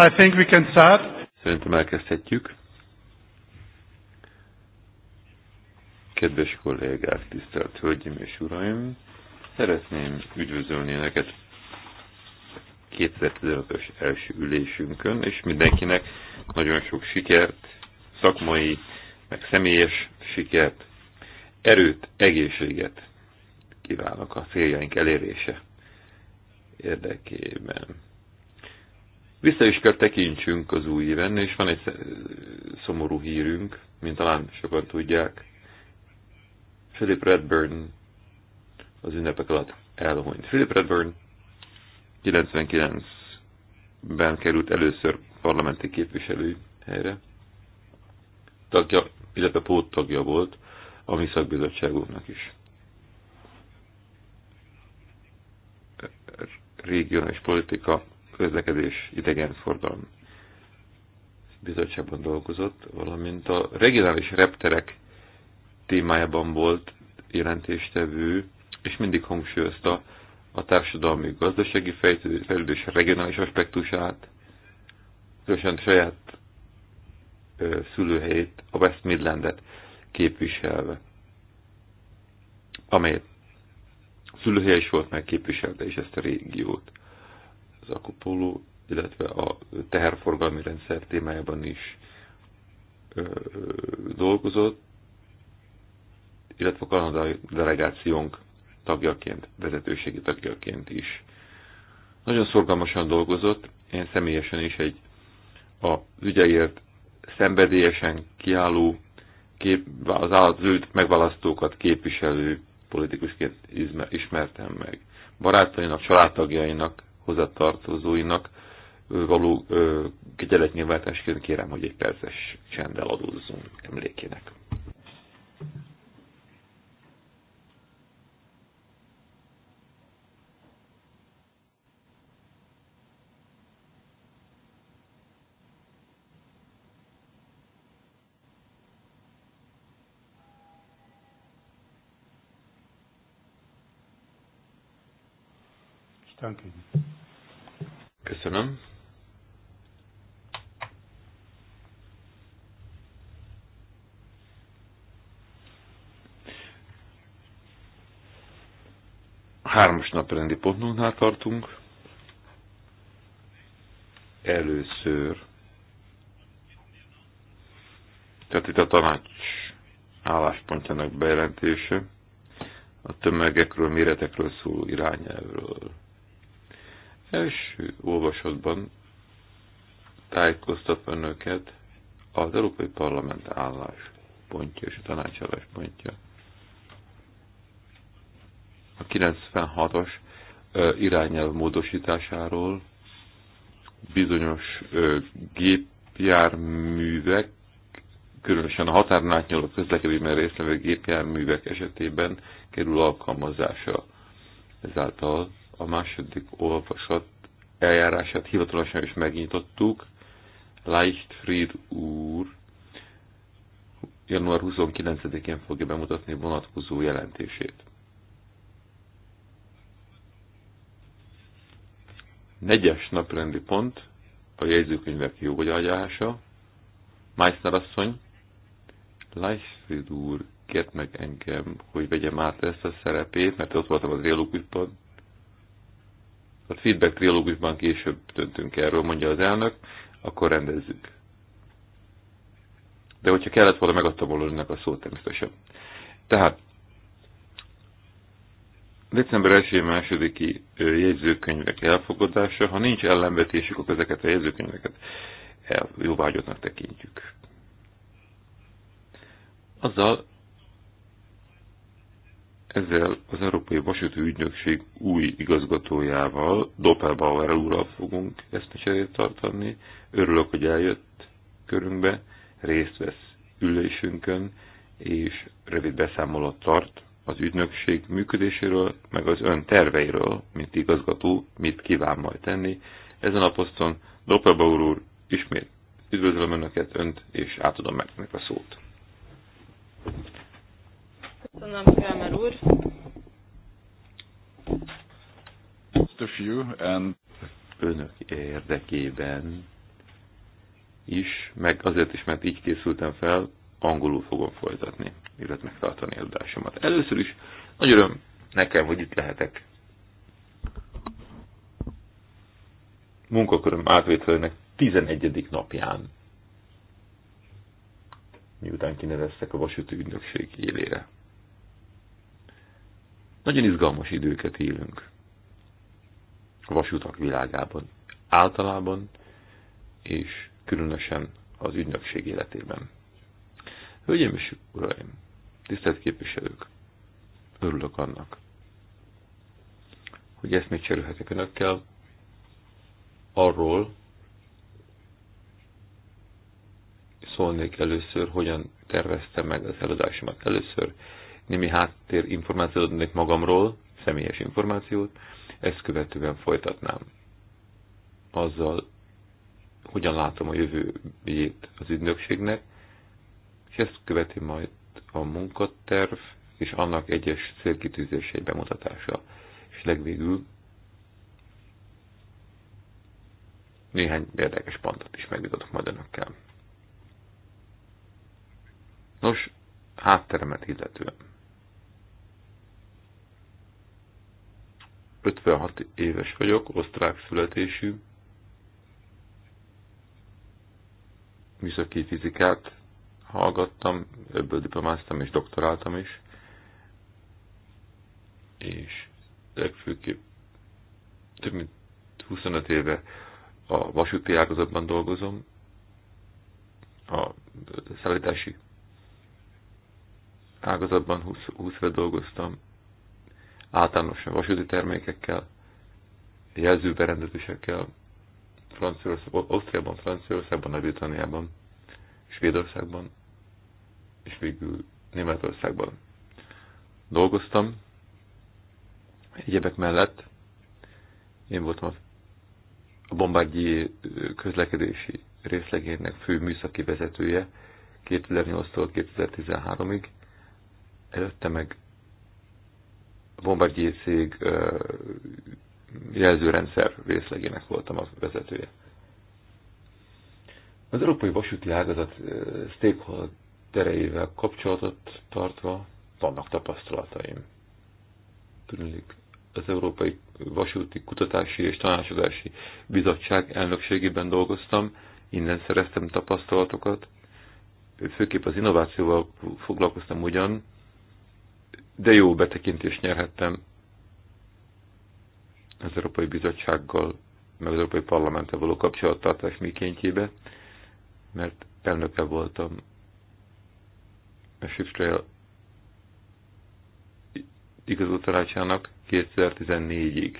I think we can start. Szerintem elkezdhetjük. Kedves kollégák, tisztelt Hölgyeim és Uraim! Szeretném üdvözölni Önöket 2015-ös első ülésünkön, és mindenkinek nagyon sok sikert, szakmai, meg személyes sikert, erőt, egészséget kívánok a céljaink elérése érdekében vissza is kell tekintsünk az új éven, és van egy szomorú hírünk, mint talán sokan tudják. Philip Redburn az ünnepek alatt elhunyt. Philip Redburn 99-ben került először parlamenti képviselő helyre. Tagja, illetve póttagja volt a mi szakbizottságunknak is. Regionális politika közlekedés idegenforgalom bizottságban dolgozott, valamint a regionális repterek témájában volt jelentéstevő, és mindig hangsúlyozta a társadalmi gazdasági fejlődés regionális aspektusát, különösen saját ö, szülőhelyét, a West Midlandet képviselve, amelyet szülőhelye is volt képviselte és ezt a régiót az akupóló, illetve a teherforgalmi rendszer témájában is dolgozott, illetve a kanadai delegációnk tagjaként, vezetőségi tagjaként is. Nagyon szorgalmasan dolgozott, én személyesen is egy a ügyeért szenvedélyesen kiálló, kép, az állat megválasztókat képviselő politikusként ismertem meg. Barátainak, családtagjainak hozzátartozóinak való kegyeletnyilvánításként kérem, hogy egy perces csenddel adózzunk emlékének. Thank you. Köszönöm. Hármas naprendi pontnál tartunk. Először. Tehát itt a tanács álláspontjának bejelentése, a tömegekről, méretekről szóló irányelvről. Első olvasatban tájékoztat önöket az Európai Parlament álláspontja és a tanács álláspontja. A 96-as irányelv módosításáról bizonyos gépjárművek, különösen a határon átnyúló közlekedőben részlevő gépjárművek esetében kerül alkalmazása. Ezáltal a második olvasat eljárását hivatalosan is megnyitottuk. Leichtfried úr január 29-én fogja bemutatni vonatkozó jelentését. Negyes naprendi pont a jegyzőkönyvek jóvagyágyása. Meissner asszony, Leichtfried úr kért meg engem, hogy vegyem át ezt a szerepét, mert ott voltam az élókútban, a feedback trilógusban később döntünk erről, mondja az elnök, akkor rendezzük. De hogyha kellett volna, megadtam volna önnek a szót természetesen. Tehát, december 1-2 jegyzőkönyvek elfogadása, ha nincs ellenvetésük, akkor ezeket a jegyzőkönyveket el, tekintjük. Azzal ezzel az Európai Vasúti Ügynökség új igazgatójával, Doppelbauer úrral fogunk cserét tartani. Örülök, hogy eljött körünkbe, részt vesz ülésünkön, és rövid beszámolat tart az ügynökség működéséről, meg az ön terveiről, mint igazgató, mit kíván majd tenni. Ezen a poszton Doppelbauer úr ismét üdvözlöm Önöket, Önt, és átadom meg a szót. Köszönöm, Kramer úr. And... Önök érdekében is, meg azért is, mert így készültem fel, angolul fogom folytatni, illetve megtartani előadásomat. Először is nagy öröm nekem, hogy itt lehetek. Munkaköröm átvételének 11. napján, miután kineveztek a vasúti ügynökség élére. Nagyon izgalmas időket élünk a vasutak világában, általában és különösen az ügynökség életében. Hölgyeim és uraim, tisztelt képviselők, örülök annak, hogy ezt még cserélhetek önökkel arról, szólnék először, hogyan terveztem meg az eladásomat. Először Némi háttér információt adnék magamról, személyes információt, ezt követően folytatnám. Azzal, hogyan látom a jövőjét az ügynökségnek, és ezt követi majd a munkaterv és annak egyes célkitűzései bemutatása. És legvégül néhány érdekes pontot is megvitatok majd önökkel. Nos, hátteremet illetően. 56 éves vagyok, osztrák születésű, műszaki fizikát hallgattam, ebből diplomáztam és doktoráltam is, és legfőképp több mint 25 éve a vasúti ágazatban dolgozom, a szállítási ágazatban 20, 20 éve dolgoztam, általános vasúti termékekkel, jelzőberendezésekkel, Franciaországban, Ausztriában, Franciaországban, Nagy-Britanniában, Svédországban, és végül Németországban dolgoztam. Egyebek mellett én voltam a bombágyi közlekedési részlegének fő műszaki vezetője 2008-tól 2013-ig, előtte meg Bombardier cég jelzőrendszer részlegének voltam a vezetője. Az európai vasúti ágazat stakeholdereivel kapcsolatot tartva vannak tapasztalataim. Tudnék, az Európai Vasúti Kutatási és Tanácsadási Bizottság elnökségében dolgoztam, innen szereztem tapasztalatokat, főképp az innovációval foglalkoztam ugyan, de jó betekintést nyerhettem az Európai Bizottsággal, meg az Európai Parlamenttel való kapcsolattartás mikéntjébe, mert elnöke voltam a Sipstrail igazó tanácsának 2014-ig.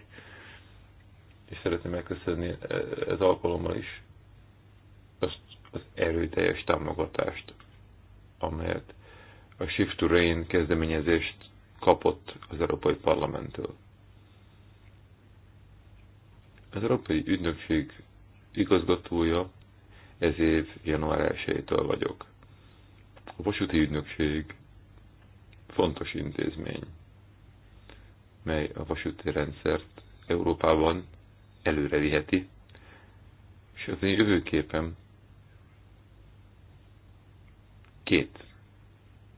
És szeretném megköszönni ez alkalommal is azt az erőteljes támogatást, amelyet a Shift to Rain kezdeményezést kapott az Európai Parlamenttől. Az Európai Ügynökség igazgatója ez év január 1-től vagyok. A vasúti ügynökség fontos intézmény, mely a vasúti rendszert Európában előre viheti, és az én jövőképem két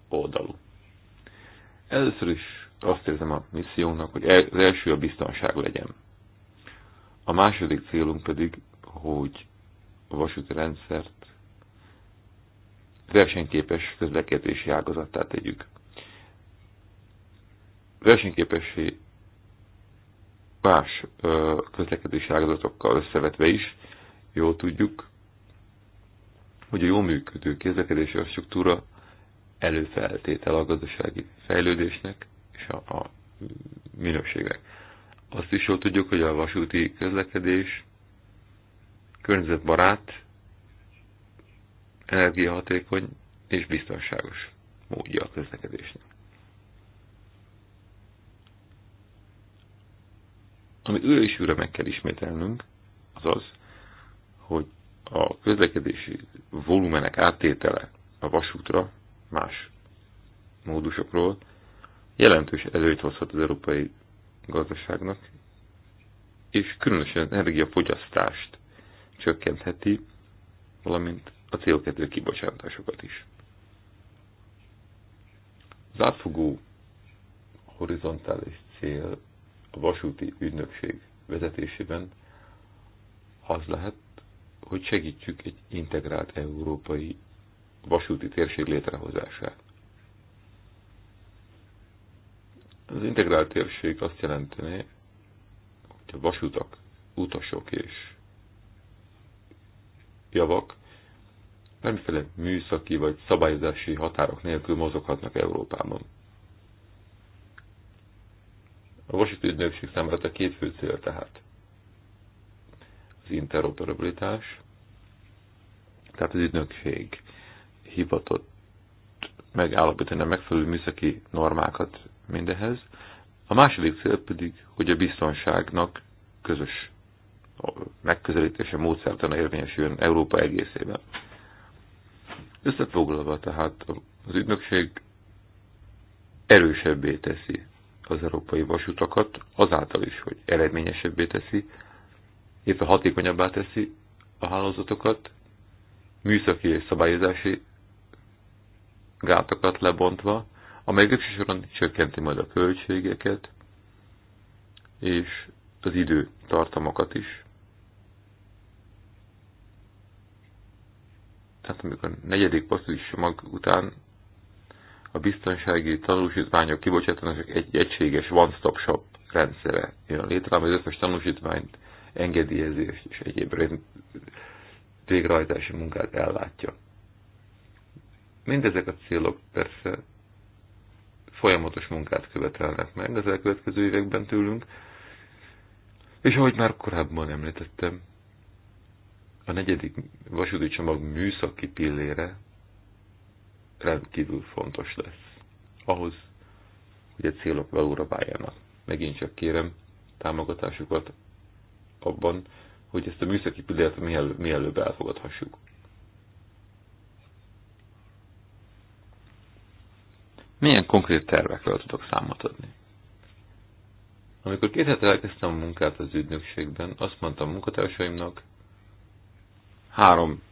oldalú. Először is azt érzem a missziónak, hogy az első a biztonság legyen. A második célunk pedig, hogy a vasúti rendszert versenyképes közlekedési ágazattá tegyük. Versenyképessé más közlekedési ágazatokkal összevetve is, jól tudjuk, hogy a jó működő közlekedési struktúra előfeltétel a gazdasági fejlődésnek és a, a minőségnek. Azt is jól tudjuk, hogy a vasúti közlekedés környezetbarát, energiahatékony és biztonságos módja a közlekedésnek. Ami ő is újra meg kell ismételnünk, az az, hogy a közlekedési volumenek áttétele a vasútra más módusokról, jelentős előnyt hozhat az európai gazdaságnak, és különösen az energiafogyasztást csökkentheti, valamint a CO2 kibocsátásokat is. Az átfogó horizontális cél a vasúti ügynökség vezetésében az lehet, hogy segítsük egy integrált európai vasúti térség létrehozását. Az integrált térség azt jelenteni, hogy a vasutak, utasok és javak nemféle műszaki vagy szabályozási határok nélkül mozoghatnak Európában. A vasúti ügynökség számára a két fő cél tehát az interoperabilitás, tehát az ügynökség hivatott megállapítani a megfelelő műszaki normákat mindehez. A második cél pedig, hogy a biztonságnak közös megközelítése módszertana érvényesüljön Európa egészében. Összefoglalva tehát az ügynökség erősebbé teszi az európai vasutakat, azáltal is, hogy eredményesebbé teszi, illetve hatékonyabbá teszi a hálózatokat, műszaki és szabályozási gátokat lebontva, amely végső soron csökkenti majd a költségeket és az idő tartamokat is. Tehát amikor a negyedik passzus mag után a biztonsági tanúsítványok kibocsátanak egy egységes one-stop shop rendszere jön létre, amely az összes tanúsítványt, engedélyezést és egyéb végrehajtási munkát ellátja. Mindezek a célok persze folyamatos munkát követelnek meg az elkövetkező években tőlünk, és ahogy már korábban említettem, a negyedik vasúti csomag műszaki pillére rendkívül fontos lesz. Ahhoz, hogy a célok valóra váljanak. Megint csak kérem támogatásukat abban, hogy ezt a műszaki pillért mielőbb elfogadhassuk. Milyen konkrét tervekről tudok számot adni? Amikor két hete elkezdtem a munkát az ügynökségben, azt mondtam a munkatársaimnak, három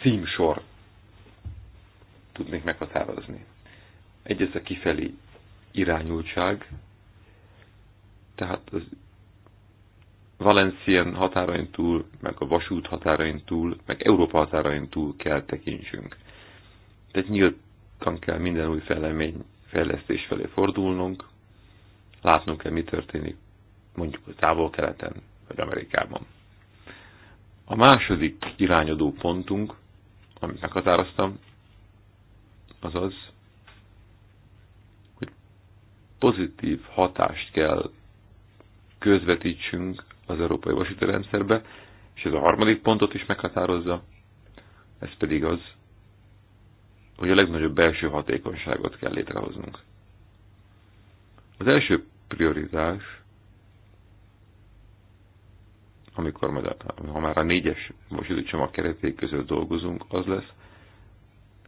címsor tudnék meghatározni. Egy ez a kifelé irányultság, tehát az Valencián határain túl, meg a vasút határain túl, meg Európa határain túl kell tekintsünk. Tehát nyílt nyitottan kell minden új fejlemény, fejlesztés felé fordulnunk, látnunk kell, mi történik mondjuk a távol-keleten vagy Amerikában. A második irányadó pontunk, amit meghatároztam, az az, hogy pozitív hatást kell közvetítsünk az európai vasúti rendszerbe, és ez a harmadik pontot is meghatározza, ez pedig az, hogy a legnagyobb belső hatékonyságot kell létrehoznunk. Az első prioritás, amikor majd, ha már a négyes vasúticsomag kereték között dolgozunk, az lesz,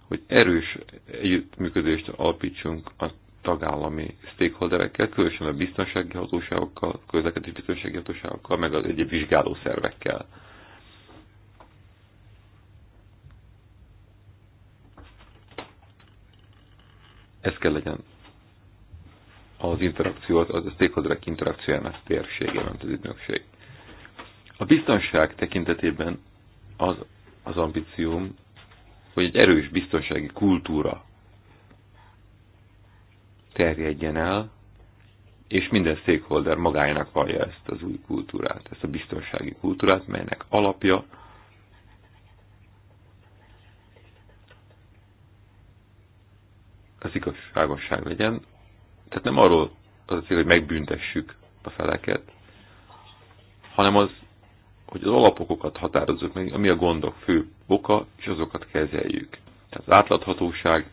hogy erős együttműködést alapítsunk a tagállami stakeholderekkel, különösen a biztonsági hatóságokkal, közlekedési biztonsági hatóságokkal, meg az egyéb vizsgáló szervekkel. Ez kell legyen az interakciót, az a stakeholderek interakciójának térségében az ügynökség. A biztonság tekintetében az, az ambícióm, hogy egy erős biztonsági kultúra terjedjen el, és minden stakeholder magának vallja ezt az új kultúrát, ezt a biztonsági kultúrát, melynek alapja az igazságosság legyen. Tehát nem arról az a cél, hogy megbüntessük a feleket, hanem az, hogy az alapokokat határozzuk meg, ami a gondok fő oka, és azokat kezeljük. Tehát az átláthatóság,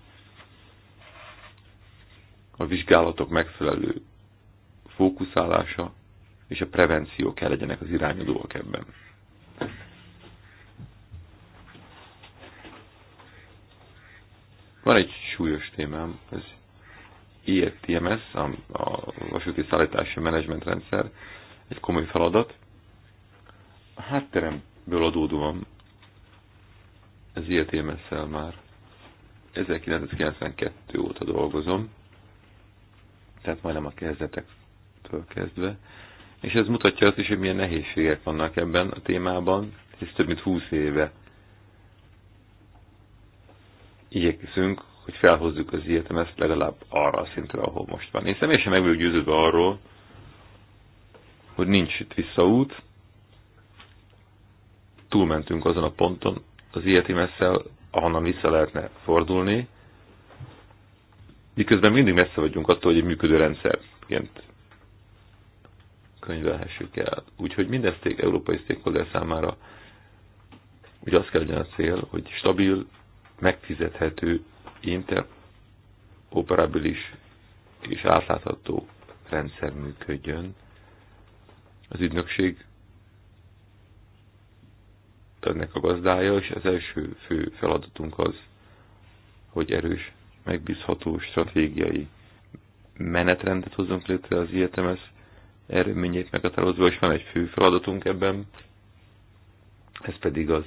a vizsgálatok megfelelő fókuszálása és a prevenció kell legyenek az irányadóak ebben. Van egy súlyos témám, az IETMS, a, a vasúti szállítási menedzsmentrendszer, egy komoly feladat. A hátteremből adódóan az IETMS-szel már 1992 óta dolgozom, tehát majdnem a kezdetektől kezdve, és ez mutatja azt is, hogy milyen nehézségek vannak ebben a témában, hisz több mint 20 éve igyekszünk, hogy felhozzuk az ezt legalább arra a szintre, ahol most van. Én személyesen meg vagyok győződve arról, hogy nincs itt visszaút, túlmentünk azon a ponton az IETMS-szel, ahonnan vissza lehetne fordulni, miközben mindig messze vagyunk attól, hogy egy működő rendszerként könyvelhessük el. Úgyhogy minden szték, európai stakeholder számára ugye azt kell legyen a cél, hogy stabil, megfizethető, interoperabilis és átlátható rendszer működjön. Az ügynökség ennek a gazdája, és az első fő feladatunk az, hogy erős, megbízható stratégiai menetrendet hozunk létre az IETMS eredményét meghatározva, és van egy fő feladatunk ebben, ez pedig az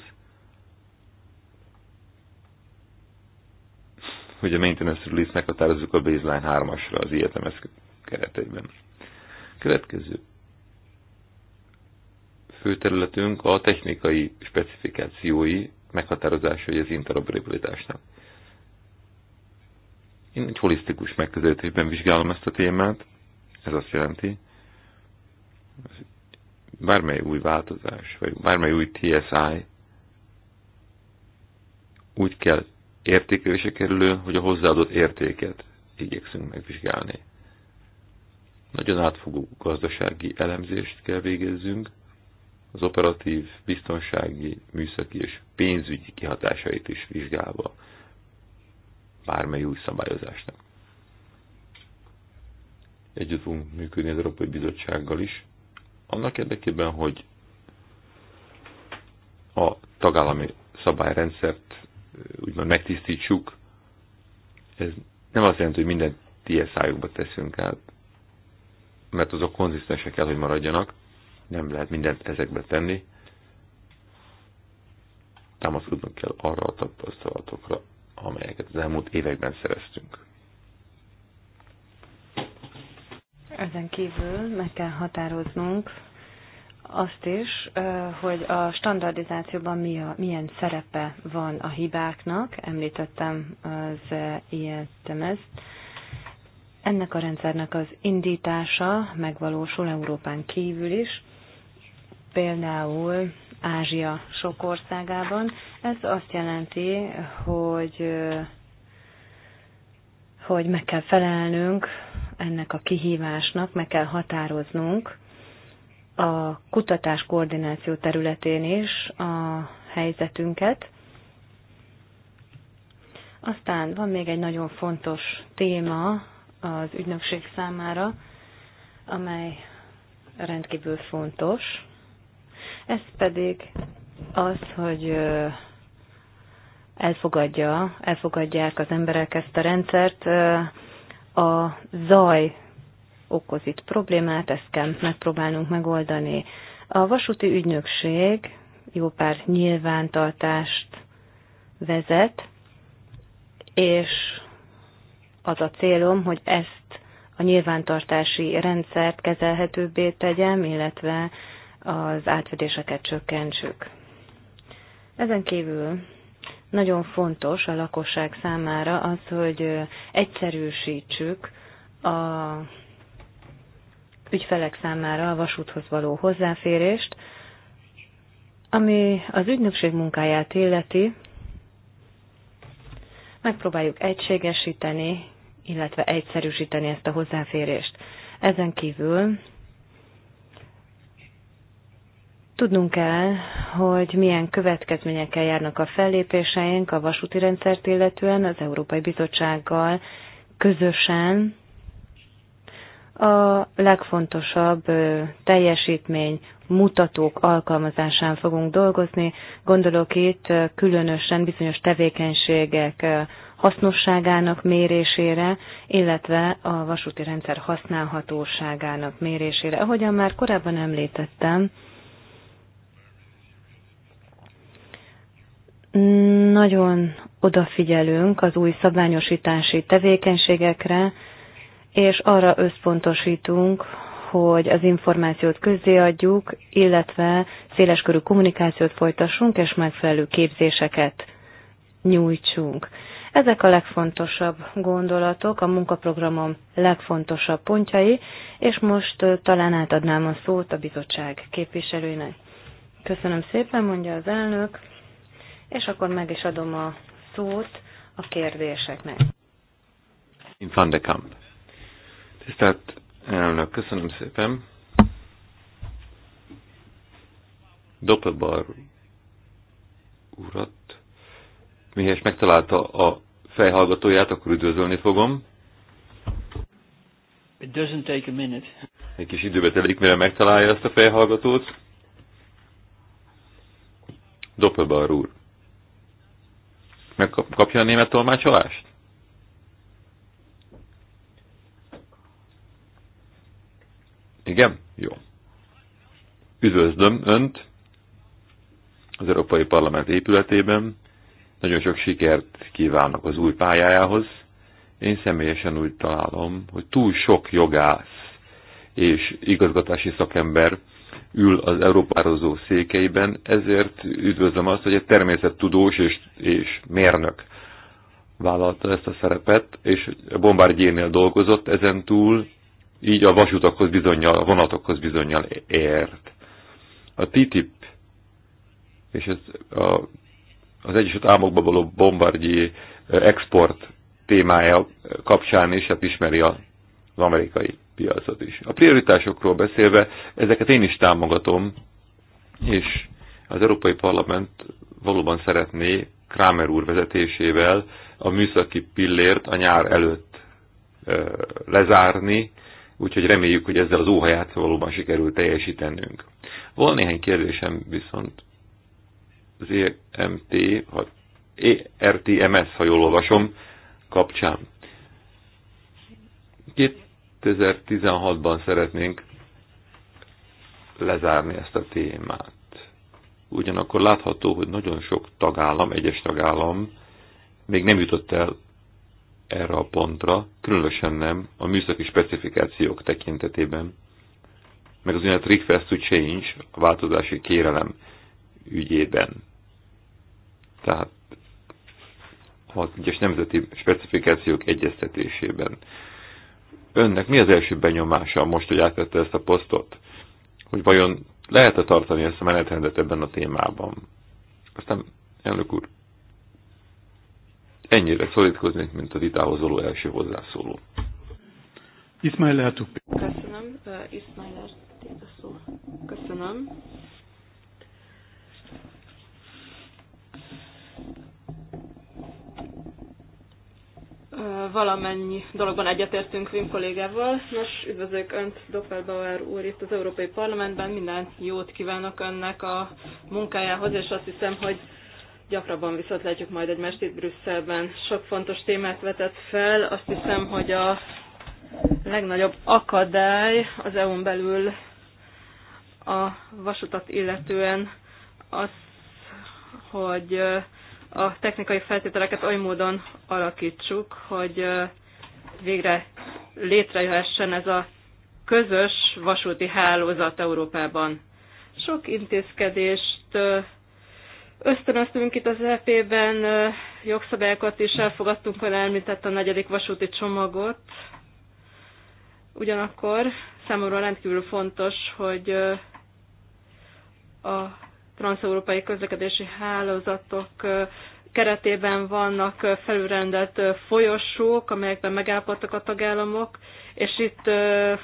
hogy a maintenance release meghatározzuk a baseline 3-asra az IETMS keretében. Következő főterületünk a technikai specifikációi meghatározásai az interoperabilitásnak. Én egy holisztikus megközelítésben vizsgálom ezt a témát, ez azt jelenti, bármely új változás, vagy bármely új TSI úgy kell értékelése kerülő, hogy a hozzáadott értéket igyekszünk megvizsgálni. Nagyon átfogó gazdasági elemzést kell végezzünk, az operatív, biztonsági, műszaki és pénzügyi kihatásait is vizsgálva bármely új szabályozásnak. Együtt fogunk működni az Európai Bizottsággal is, annak érdekében, hogy a tagállami szabályrendszert úgymond megtisztítsuk, ez nem azt jelenti, hogy minden tsi szájukba teszünk át, mert azok konzisztensek kell, hogy maradjanak, nem lehet mindent ezekbe tenni, támaszkodnunk kell arra a tapasztalatokra, amelyeket az elmúlt években szereztünk. Ezen kívül meg kell határoznunk azt is, hogy a standardizációban mi a, milyen szerepe van a hibáknak, említettem az isms e e ezt. ennek a rendszernek az indítása megvalósul Európán kívül is, például Ázsia sok országában. Ez azt jelenti, hogy, hogy meg kell felelnünk ennek a kihívásnak, meg kell határoznunk a kutatás koordináció területén is a helyzetünket. Aztán van még egy nagyon fontos téma az ügynökség számára, amely rendkívül fontos. Ez pedig az, hogy elfogadja, elfogadják az emberek ezt a rendszert, a zaj okoz itt problémát, ezt kell megpróbálnunk megoldani. A vasúti ügynökség jó pár nyilvántartást vezet, és az a célom, hogy ezt a nyilvántartási rendszert kezelhetőbbé tegyem, illetve az átfedéseket csökkentsük. Ezen kívül nagyon fontos a lakosság számára az, hogy egyszerűsítsük a ügyfelek számára a vasúthoz való hozzáférést, ami az ügynökség munkáját illeti, megpróbáljuk egységesíteni, illetve egyszerűsíteni ezt a hozzáférést. Ezen kívül tudnunk kell, hogy milyen következményekkel járnak a fellépéseink a vasúti rendszert illetően az Európai Bizottsággal közösen a legfontosabb teljesítmény mutatók alkalmazásán fogunk dolgozni. Gondolok itt különösen bizonyos tevékenységek hasznosságának mérésére, illetve a vasúti rendszer használhatóságának mérésére. Ahogyan már korábban említettem, nagyon odafigyelünk az új szabványosítási tevékenységekre, és arra összpontosítunk, hogy az információt közzéadjuk, illetve széleskörű kommunikációt folytassunk, és megfelelő képzéseket nyújtsunk. Ezek a legfontosabb gondolatok, a munkaprogramom legfontosabb pontjai, és most talán átadnám a szót a bizottság képviselőinek. Köszönöm szépen, mondja az elnök, és akkor meg is adom a szót a kérdéseknek. In van de Kamp. Tisztelt elnök, köszönöm szépen. Doppelbar urat, mihez megtalálta a fejhallgatóját, akkor üdvözölni fogom. It doesn't take a minute. Egy kis időbe telik, mire megtalálja ezt a fejhallgatót. Doppelbar úr. Megkapja a német tolmácsolást? Igen? Jó. Üdvözlöm Önt az Európai Parlament épületében. Nagyon sok sikert kívánok az új pályájához. Én személyesen úgy találom, hogy túl sok jogász és igazgatási szakember ül az Európározó székeiben, ezért üdvözlöm azt, hogy egy természettudós és, és mérnök vállalta ezt a szerepet, és Bombardiernél dolgozott ezen túl, így a vasutakhoz bizonyal, a vonatokhoz bizonyal ért. A TTIP és ez a, az Egyesült Államokba való bombardi eh, export témája kapcsán is hát ismeri az amerikai piacot is. A prioritásokról beszélve ezeket én is támogatom, és az Európai Parlament valóban szeretné Kramer úr vezetésével a műszaki pillért a nyár előtt eh, lezárni, úgyhogy reméljük, hogy ezzel az óhaját valóban sikerül teljesítenünk. Van néhány kérdésem viszont az EMT, vagy ERTMS, ha jól olvasom, kapcsán. 2016-ban szeretnénk lezárni ezt a témát. Ugyanakkor látható, hogy nagyon sok tagállam, egyes tagállam még nem jutott el erre a pontra, különösen nem a műszaki specifikációk tekintetében, meg az úgynevezett request to change, a változási kérelem ügyében. Tehát az egyes nemzeti specifikációk egyeztetésében. Önnek mi az első benyomása most, hogy átvette ezt a posztot? Hogy vajon lehet-e tartani ezt a menetrendet ebben a témában? Aztán, elnök úr, Ennyire szorítkoznék, mint a vitához való első hozzászóló. Ismail Ertug. Köszönöm. Uh, Ismail Ertug a szó. Köszönöm. valamennyi dologban egyetértünk Vim kollégával. Nos, üdvözlök Önt, Doppelbauer úr itt az Európai Parlamentben. Minden jót kívánok Önnek a munkájához, és azt hiszem, hogy Gyakrabban viszont látjuk majd egymást itt Brüsszelben. Sok fontos témát vetett fel. Azt hiszem, hogy a legnagyobb akadály az EU-n belül a vasutat illetően az, hogy a technikai feltételeket oly módon alakítsuk, hogy végre létrejöhessen ez a közös vasúti hálózat Európában. Sok intézkedést Ösztönöztünk itt az EP-ben jogszabályokat is, elfogadtunk olyan elmített a negyedik vasúti csomagot. Ugyanakkor számomra rendkívül fontos, hogy a transeurópai közlekedési hálózatok keretében vannak felülrendelt folyosók, amelyekben megállapodtak a tagállamok, és itt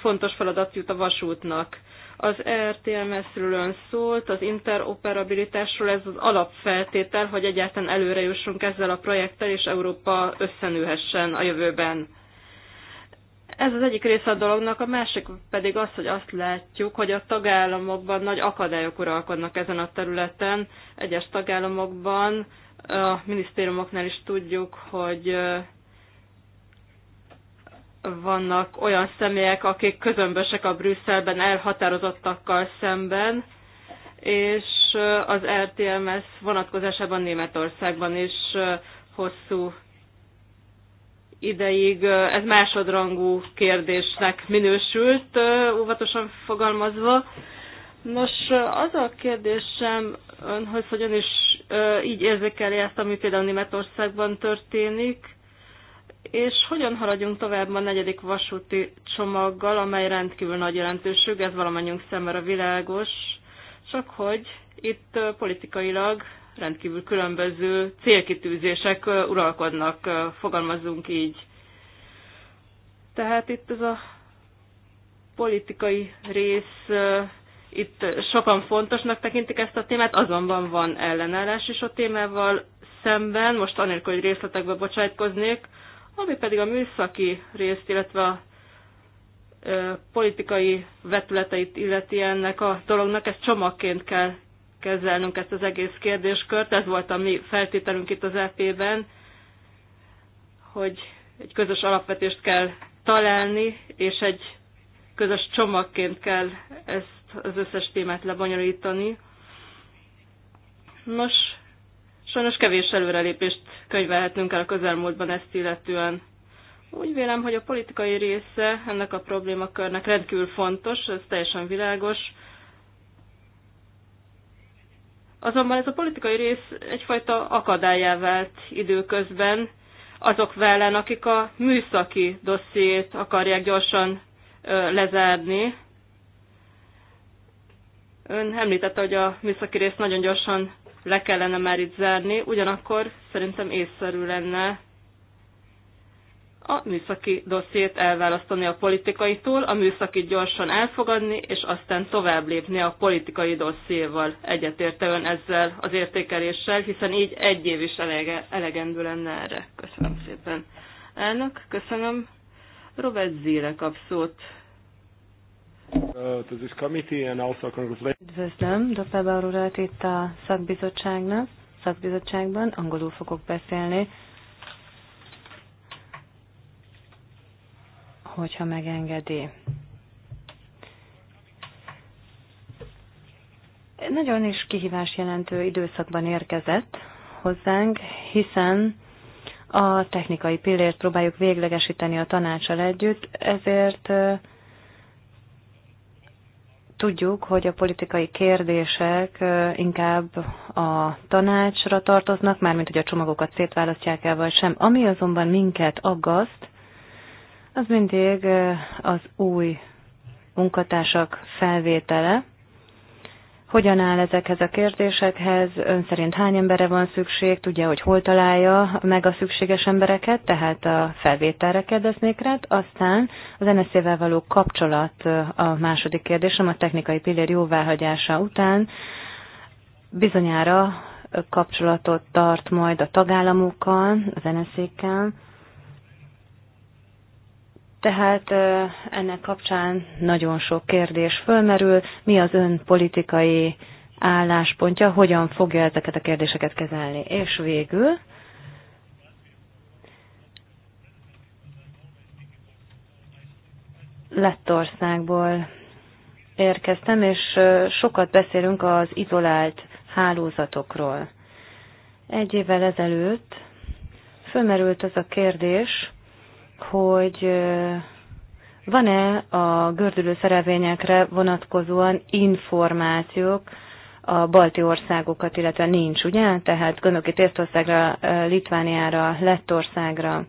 fontos feladat jut a vasútnak. Az e RTMS-ről ön szólt, az interoperabilitásról ez az alapfeltétel, hogy egyáltalán előre jussunk ezzel a projekttel, és Európa összenőhessen a jövőben. Ez az egyik része a dolognak, a másik pedig az, hogy azt látjuk, hogy a tagállamokban nagy akadályok uralkodnak ezen a területen. Egyes tagállamokban a minisztériumoknál is tudjuk, hogy vannak olyan személyek, akik közömbösek a Brüsszelben elhatározottakkal szemben, és az RTMS vonatkozásában Németországban is hosszú ideig ez másodrangú kérdésnek minősült, óvatosan fogalmazva. Nos, az a kérdésem önhöz, hogy ön is így érzékeli ezt, ami például Németországban történik, és hogyan haladjunk tovább a negyedik vasúti csomaggal, amely rendkívül nagy jelentőség, ez valamennyünk a világos, csak hogy itt politikailag rendkívül különböző célkitűzések uralkodnak, fogalmazunk így. Tehát itt ez a politikai rész, itt sokan fontosnak tekintik ezt a témát, azonban van ellenállás is a témával szemben, most anélkül, hogy részletekbe bocsájtkoznék, ami pedig a műszaki részt, illetve a politikai vetületeit illeti ennek a dolognak, ezt csomagként kell kezelnünk ezt az egész kérdéskört. Ez volt a mi feltételünk itt az EP-ben, hogy egy közös alapvetést kell találni, és egy közös csomagként kell ezt az összes témát lebonyolítani. Nos, Sajnos kevés előrelépést könyvelhetünk el a közelmúltban ezt illetően. Úgy vélem, hogy a politikai része ennek a problémakörnek rendkívül fontos, ez teljesen világos. Azonban ez a politikai rész egyfajta akadályá vált időközben azok vellen, akik a műszaki dossziét akarják gyorsan lezárni. Ön említette, hogy a műszaki rész nagyon gyorsan le kellene már itt zárni, ugyanakkor szerintem észszerű lenne a műszaki dossziét elválasztani a politikaitól, a műszakit gyorsan elfogadni, és aztán tovább lépni a politikai egyetérte ön ezzel az értékeléssel, hiszen így egy év is elege, elegendő lenne erre. Köszönöm szépen. Elnök, köszönöm. Robert Zile kap szót. Uh, Üdvözlöm Dr. Bauer urat itt a szakbizottságnak, szakbizottságban, angolul fogok beszélni. hogyha megengedi. Nagyon is kihívás jelentő időszakban érkezett hozzánk, hiszen a technikai pillért próbáljuk véglegesíteni a tanácsal együtt, ezért uh, Tudjuk, hogy a politikai kérdések inkább a tanácsra tartoznak, mármint hogy a csomagokat szétválasztják el, vagy sem. Ami azonban minket aggaszt, az mindig az új munkatársak felvétele, hogyan áll ezekhez a kérdésekhez? Ön szerint hány embere van szükség? Tudja, hogy hol találja meg a szükséges embereket? Tehát a felvételre kérdeznék rá. Aztán az NSZ-vel való kapcsolat a második kérdésem. A technikai pillér jóváhagyása után bizonyára kapcsolatot tart majd a tagállamokkal, az NSZ-kkel tehát ennek kapcsán nagyon sok kérdés fölmerül. Mi az ön politikai álláspontja, hogyan fogja ezeket a kérdéseket kezelni? És végül Lettországból érkeztem, és sokat beszélünk az izolált hálózatokról. Egy évvel ezelőtt fölmerült az a kérdés, hogy van-e a gördülő szerevényekre vonatkozóan információk a balti országokat, illetve nincs, ugye? Tehát gondolok Észtországra, Litvániára, Lettországra.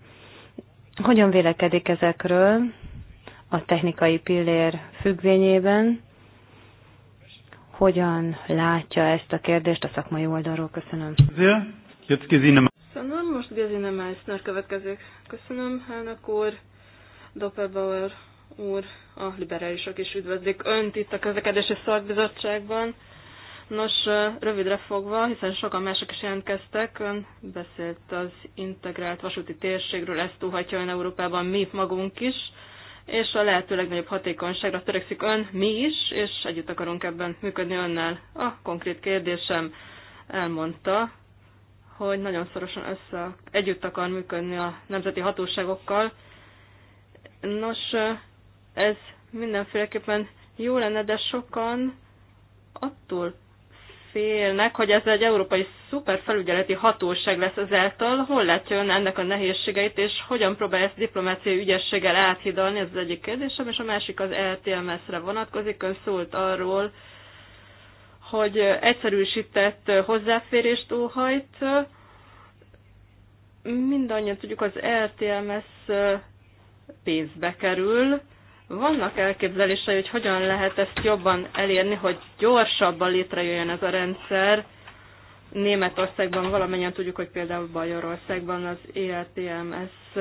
Hogyan vélekedik ezekről a technikai pillér függvényében? Hogyan látja ezt a kérdést a szakmai oldalról? Köszönöm. Köszönöm. Most Gezine Meissner következik. Köszönöm, elnök úr, Doppelbauer úr, a liberálisok is üdvözlik önt itt a közlekedési szakbizottságban. Nos, rövidre fogva, hiszen sokan mások is jelentkeztek, ön beszélt az integrált vasúti térségről, ezt túlhatja ön Európában mi magunk is, és a lehető legnagyobb hatékonyságra törekszik ön, mi is, és együtt akarunk ebben működni önnel. A konkrét kérdésem elmondta, hogy nagyon szorosan össze, együtt akar működni a nemzeti hatóságokkal. Nos, ez mindenféleképpen jó lenne, de sokan attól félnek, hogy ez egy európai szuperfelügyeleti hatóság lesz ezáltal. Hol látja ön ennek a nehézségeit, és hogyan próbálja ezt diplomáciai ügyességgel áthidalni? Ez az egyik kérdésem, és a másik az ETMS-re vonatkozik. Ön szólt arról, hogy egyszerűsített hozzáférést óhajt. Mindannyian tudjuk, az RTMS pénzbe kerül. Vannak elképzelései, hogy hogyan lehet ezt jobban elérni, hogy gyorsabban létrejöjjön ez a rendszer. Németországban valamennyien tudjuk, hogy például Bajorországban az ERTMS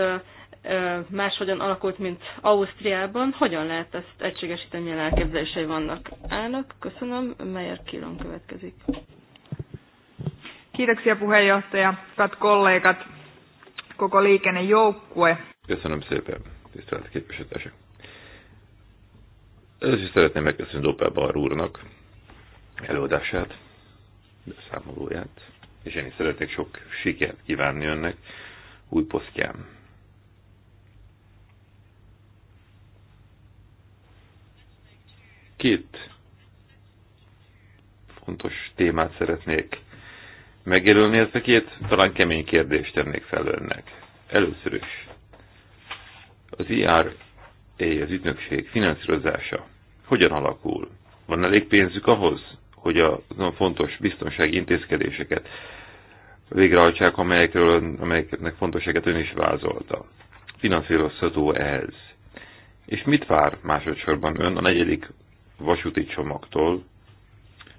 máshogyan alakult, mint Ausztriában. Hogyan lehet ezt egységesíteni, milyen elképzelései vannak? Állnak, köszönöm. Meyer Kilon következik. Kiitoksia puheenjohtaja, hyvät kollégat, koko liikennejoukkue. Köszönöm szépen, tisztelt képviselőtársak. Először is szeretném megköszönni Bar úrnak előadását, beszámolóját, és én is szeretnék sok sikert kívánni önnek új posztján. Két fontos témát szeretnék megjelölni, ezt a két talán kemény kérdést tennék fel önnek. Először is az IRA, az ügynökség finanszírozása hogyan alakul? Van elég pénzük ahhoz, hogy azon fontos biztonsági intézkedéseket végrehajtsák, amelyekről, amelyeknek fontosságát ön is vázolta. Finanszírozható ehhez. És mit vár másodszorban ön a negyedik vasúti csomagtól,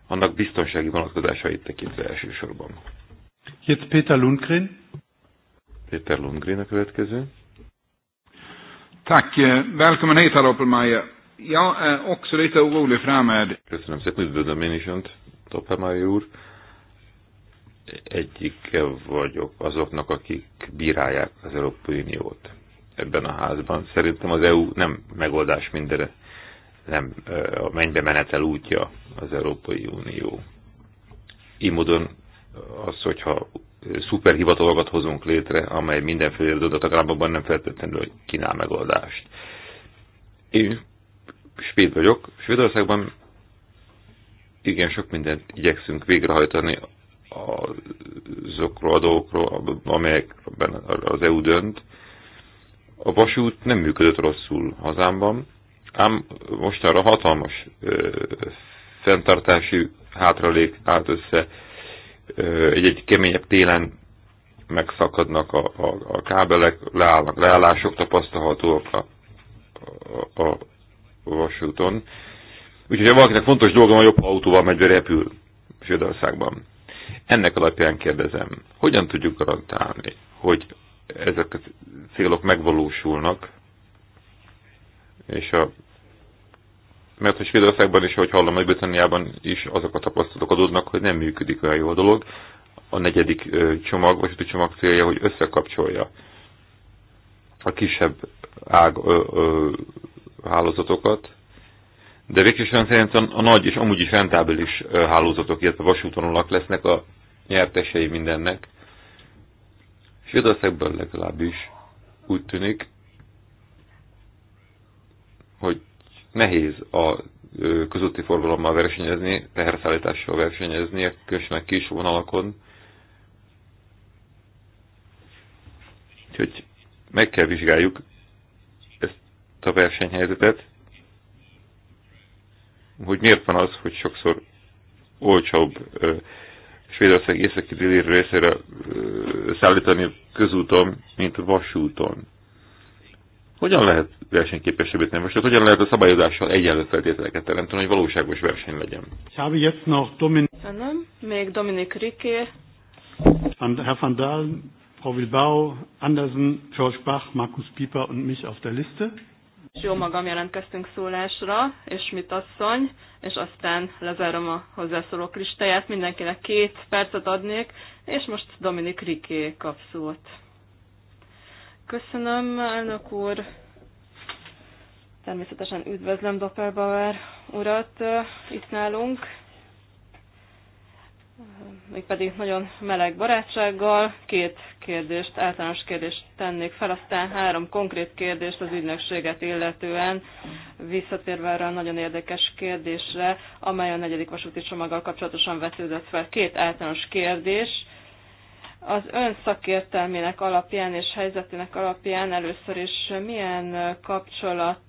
annak biztonsági vonatkozásait tekintve elsősorban. Jetzt Peter Lundgren. Peter Lundgren a következő. Tack, eh, välkommen hit herr Oppelmeier. Jag är eh, också lite orolig med... Köszönöm szépen, üdvözlöm én is önt, Oppelmeier úr. Egyike vagyok azoknak, akik bírálják az Európai Uniót ebben a házban. Szerintem az EU nem megoldás mindenre nem a mennybe menetel útja az Európai Unió. Így módon az, hogyha szuperhivatalokat hozunk létre, amely mindenféle adatagrámban nem feltétlenül kínál megoldást. Én svéd vagyok. Svédországban igen, sok mindent igyekszünk végrehajtani azokról adókról, amelyekben az EU dönt. A vasút nem működött rosszul hazámban, Ám most arra hatalmas ö, fenntartási hátralék állt össze, egy-egy keményebb télen megszakadnak a, a, a kábelek, leállnak, leállások tapasztalhatóak a, a, a vasúton. Úgyhogy ha valakinek fontos dolga van, jobb autóval megy, repül Svédországban. Ennek alapján kérdezem, hogyan tudjuk garantálni, hogy ezek a célok megvalósulnak, és a, mert hogy Svédországban is, ahogy hallom, hogy Britanniában is azok a tapasztalatok adódnak, hogy nem működik olyan jó a dolog. A negyedik csomag, vagy a csomag célja, hogy összekapcsolja a kisebb ág, ö, ö, hálózatokat, de végsősorban szerintem a nagy és amúgy is rentábilis hálózatok, illetve vasútvonalak lesznek a nyertesei mindennek. Svédországban legalábbis úgy tűnik, Nehéz a közúti forgalommal versenyezni, teherszállítással versenyezni, meg kis vonalakon. Úgyhogy meg kell vizsgáljuk ezt a versenyhelyzetet, hogy miért van az, hogy sokszor olcsóbb Svédország északi déli részére szállítani közúton, mint vasúton. Hogyan lehet versenyképesebbé tenni? Most hogyan lehet a szabályozással egyenlő feltételeket teremteni, hogy valóságos verseny legyen? Köszönöm. Még Dominik Riké. Herr van Dahl, Frau Wilbau, Andersen, George Bach, Markus Pieper und mich auf der Liste. És jó magam jelentkeztünk szólásra, és mit asszony, és aztán lezárom a hozzászólók listáját. Mindenkinek két percet adnék, és most Dominik Riké kap szót. Köszönöm, elnök úr. Természetesen üdvözlöm Bauer urat itt nálunk, mégpedig nagyon meleg barátsággal. Két kérdést, általános kérdést tennék fel, aztán három konkrét kérdést az ügynökséget illetően, visszatérve erre a nagyon érdekes kérdésre, amely a negyedik vasúti csomaggal kapcsolatosan vetődött fel. Két általános kérdés az ön szakértelmének alapján és helyzetének alapján először is milyen kapcsolat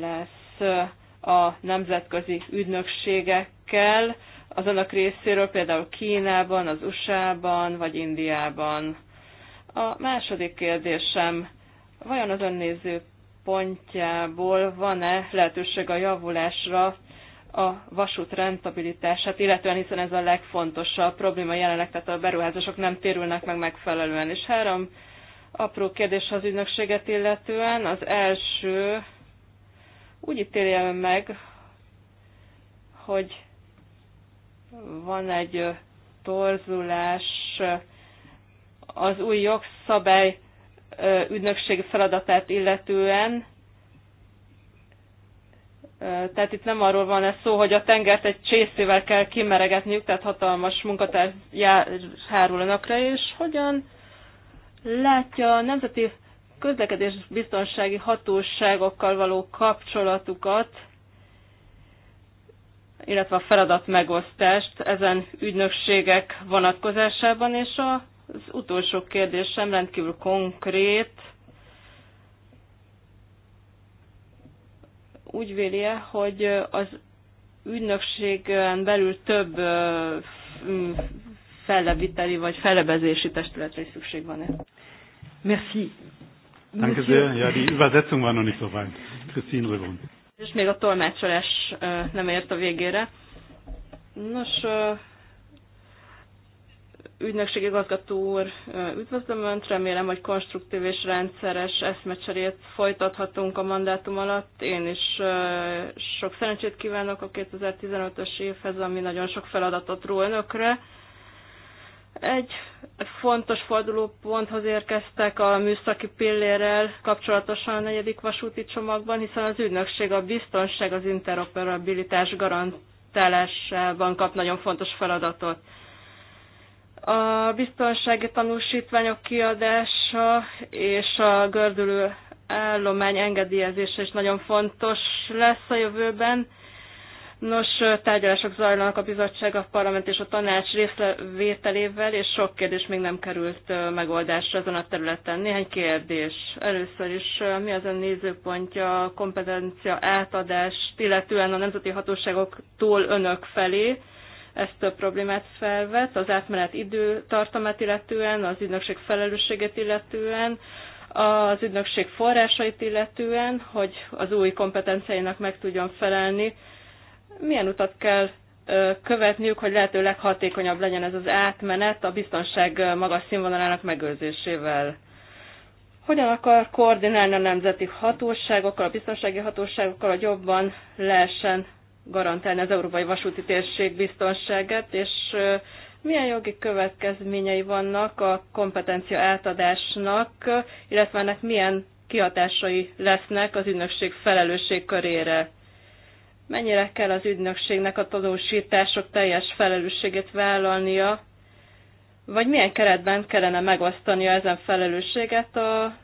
lesz a nemzetközi ügynökségekkel az önök részéről, például Kínában, az USA-ban vagy Indiában. A második kérdésem, vajon az önnéző pontjából van-e lehetőség a javulásra a vasút rentabilitását, illetően hiszen ez a legfontosabb probléma jelenleg, tehát a beruházások nem térülnek meg megfelelően. És három apró kérdés az ügynökséget illetően. Az első, úgy ítélje meg, hogy van egy torzulás az új jogszabály ügynökség feladatát illetően, tehát itt nem arról van ez szó, hogy a tengert egy csészével kell kimeregetniük, tehát hatalmas munkatár hárul önökre, és hogyan látja a Nemzeti Közlekedés Biztonsági Hatóságokkal való kapcsolatukat, illetve a feladat megosztást ezen ügynökségek vonatkozásában, és az utolsó kérdésem rendkívül konkrét, úgy véli -e, hogy az ügynökségen belül több felleviteli vagy fellebezési testületre is szükség van Merci. Danke sehr. Ja, die Übersetzung war noch nicht so weit. Christine Rivon. És még a tolmácsolás nem ért a végére. Nos, ügynökség igazgató úr, üdvözlöm Önt, remélem, hogy konstruktív és rendszeres eszmecserét folytathatunk a mandátum alatt. Én is sok szerencsét kívánok a 2015-ös évhez, ami nagyon sok feladatot ró Önökre. Egy fontos fordulóponthoz érkeztek a műszaki pillérrel kapcsolatosan a negyedik vasúti csomagban, hiszen az ügynökség a biztonság az interoperabilitás garantálásában kap nagyon fontos feladatot. A biztonsági tanúsítványok kiadása és a gördülő állomány engedélyezése is nagyon fontos lesz a jövőben. Nos, tárgyalások zajlanak a bizottság, a parlament és a tanács részvételével, és sok kérdés még nem került megoldásra ezen a területen. Néhány kérdés. Először is, mi az ön nézőpontja a kompetencia átadást, illetően a nemzeti hatóságoktól önök felé? ezt a problémát felvet, az átmenet időtartamát illetően, az ügynökség felelősséget illetően, az ügynökség forrásait illetően, hogy az új kompetenciáinak meg tudjon felelni. Milyen utat kell követniük, hogy lehető leghatékonyabb legyen ez az átmenet a biztonság magas színvonalának megőrzésével. Hogyan akar koordinálni a nemzeti hatóságokkal, a biztonsági hatóságokkal, hogy jobban lehessen garantálni az európai vasúti térség biztonságát, és milyen jogi következményei vannak a kompetencia átadásnak, illetve ennek milyen kihatásai lesznek az ügynökség felelősség körére. Mennyire kell az ügynökségnek a tudósítások teljes felelősségét vállalnia vagy milyen keretben kellene megosztani ezen felelősséget a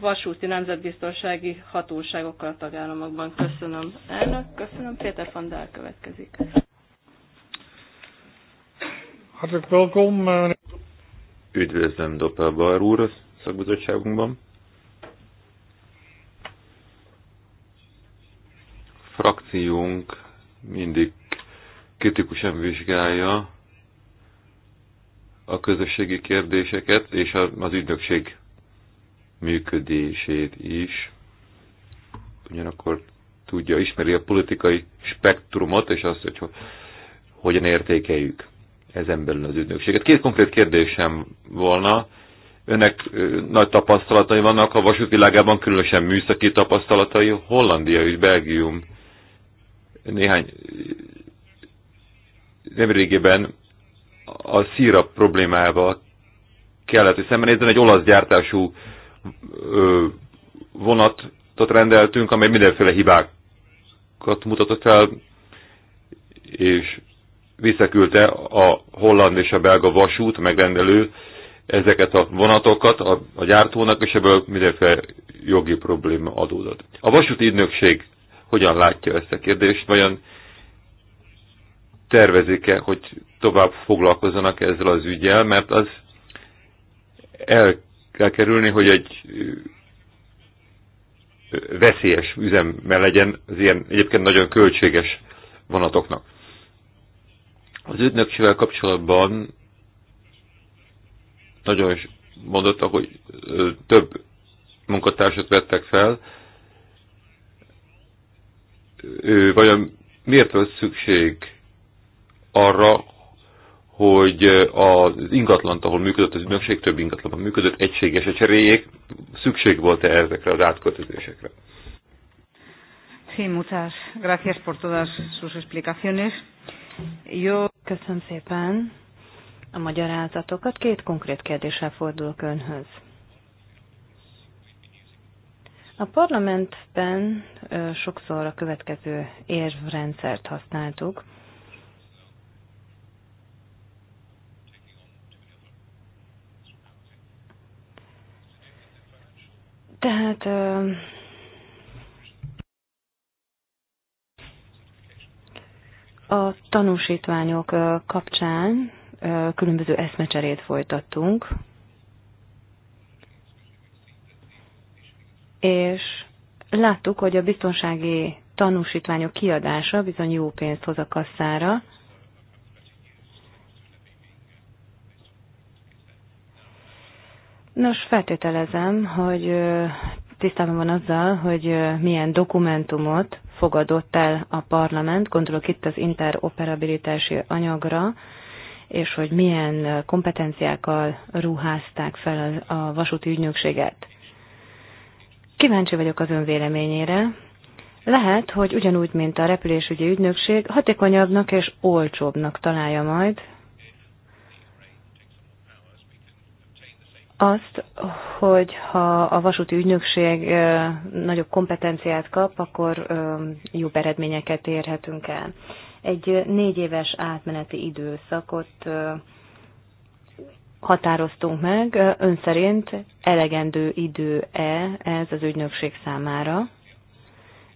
vasúti nemzetbiztonsági hatóságokkal a tagállamokban. Köszönöm. Elnök, köszönöm. Péter Fandál következik. Hartelijk welkom. Eh, Üdvözlöm Dopa Bar úr szakbizottságunkban. Frakciónk mindig kritikusan vizsgálja a közösségi kérdéseket és az ügynökség működését is. Ugyanakkor tudja, ismeri a politikai spektrumot, és azt, hogy hogyan értékeljük ezen belül az ügynökséget. Két konkrét kérdésem volna. Önnek nagy tapasztalatai vannak a vasútvilágában, különösen műszaki tapasztalatai. Hollandia és Belgium néhány nemrégében a szíra problémával kellett, hogy szembenézzen egy olasz gyártású vonatot rendeltünk, amely mindenféle hibákat mutatott fel, és visszaküldte a holland és a belga vasút megrendelő ezeket a vonatokat a, a gyártónak, és ebből mindenféle jogi probléma adódott. A vasúti ügynökség hogyan látja ezt a kérdést, vajon tervezik-e, hogy tovább foglalkozzanak ezzel az ügyel, mert az el kell kerülni, hogy egy veszélyes üzemmel legyen az ilyen egyébként nagyon költséges vonatoknak. Az ügynökségvel kapcsolatban nagyon is mondotta, hogy több munkatársat vettek fel. Vajon miért volt szükség arra, hogy az ingatlan, ahol működött az ügynökség, több ingatlanban működött, egységes a cseréjék, szükség volt-e ezekre az átköltözésekre? Sí, muchas gracias por todas sus explicaciones. Yo, köszönöm szépen a magyarázatokat. Két konkrét kérdéssel fordulok önhöz. A parlamentben sokszor a következő érvrendszert használtuk, Tehát a tanúsítványok kapcsán különböző eszmecserét folytattunk, és láttuk, hogy a biztonsági tanúsítványok kiadása bizony jó pénzt hoz a kasszára, Nos, feltételezem, hogy tisztában van azzal, hogy milyen dokumentumot fogadott el a parlament, gondolok itt az interoperabilitási anyagra, és hogy milyen kompetenciákkal ruházták fel a vasúti ügynökséget. Kíváncsi vagyok az ön véleményére. Lehet, hogy ugyanúgy, mint a repülésügyi ügynökség, hatékonyabbnak és olcsóbbnak találja majd azt, hogy ha a vasúti ügynökség nagyobb kompetenciát kap, akkor jobb eredményeket érhetünk el. Egy négy éves átmeneti időszakot határoztunk meg. Ön szerint elegendő idő-e ez az ügynökség számára?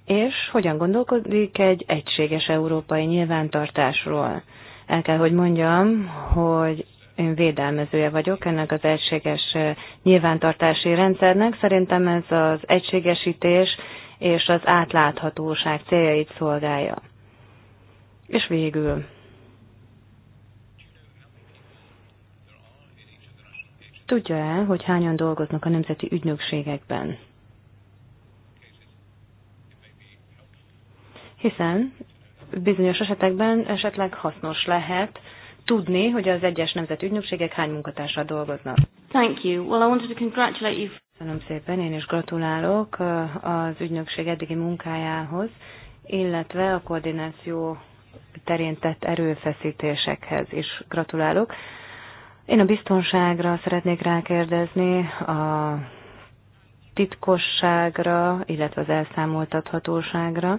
És hogyan gondolkodik egy egységes európai nyilvántartásról? El kell, hogy mondjam, hogy én védelmezője vagyok ennek az egységes nyilvántartási rendszernek. Szerintem ez az egységesítés és az átláthatóság céljait szolgálja. És végül. Tudja-e, hogy hányan dolgoznak a nemzeti ügynökségekben? Hiszen bizonyos esetekben esetleg hasznos lehet, tudni, hogy az egyes nemzeti ügynökségek hány munkatársal dolgoznak. Thank you. Well, I wanted to congratulate you. Köszönöm szépen, én is gratulálok uh, az ügynökség eddigi munkájához, illetve a koordináció terén tett erőfeszítésekhez is gratulálok. Én a biztonságra szeretnék rákérdezni, a titkosságra, illetve az elszámoltathatóságra.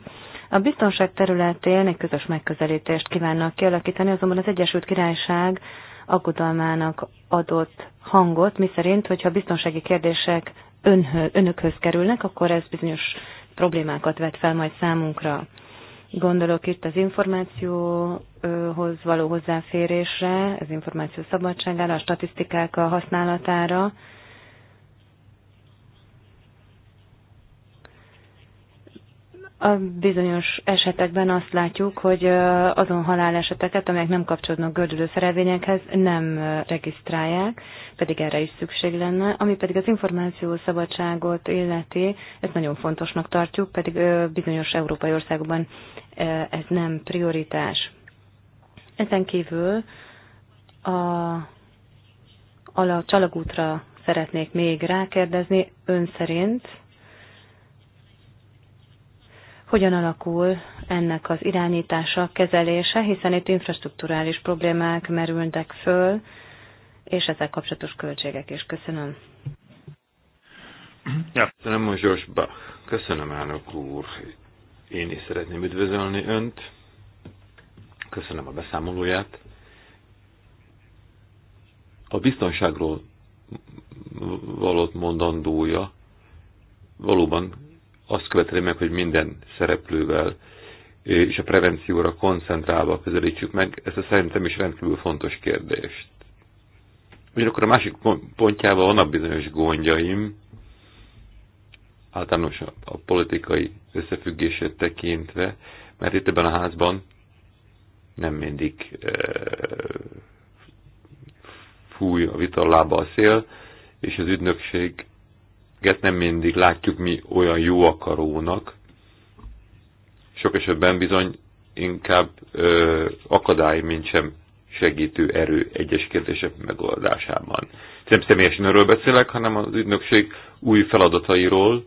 A biztonság területén egy közös megközelítést kívánnak kialakítani, azonban az Egyesült Királyság aggodalmának adott hangot, miszerint, hogyha biztonsági kérdések önhöz, önökhöz kerülnek, akkor ez bizonyos problémákat vet fel majd számunkra. Gondolok itt az információhoz való hozzáférésre, az információ szabadságára, a statisztikák a használatára, A bizonyos esetekben azt látjuk, hogy azon haláleseteket, amelyek nem kapcsolódnak szerelvényekhez, nem regisztrálják, pedig erre is szükség lenne. Ami pedig az információ szabadságot illeti, ezt nagyon fontosnak tartjuk, pedig bizonyos európai országokban ez nem prioritás. Ezen kívül a, a csalagútra szeretnék még rákérdezni ön szerint, hogyan alakul ennek az irányítása, kezelése, hiszen itt infrastruktúrális problémák merültek föl, és ezzel kapcsolatos költségek is. Köszönöm. Ja, köszönöm, Mozsos Bach. Köszönöm, elnök úr. Én is szeretném üdvözölni önt. Köszönöm a beszámolóját. A biztonságról valót mondandója valóban azt követeli meg, hogy minden szereplővel eh, és a prevencióra koncentrálva közelítsük meg ezt a szerintem is rendkívül fontos kérdést. Ugyanakkor a másik pontjával vannak bizonyos gondjaim, általánosan a politikai összefüggését tekintve, mert itt ebben a házban nem mindig e, fúj a vita a lába a szél, és az ügynökség amelyeket nem mindig látjuk mi olyan jó akarónak. Sok esetben bizony inkább ö, akadály, mint sem segítő erő egyes kérdések megoldásában. Nem személyesen erről beszélek, hanem az ügynökség új feladatairól.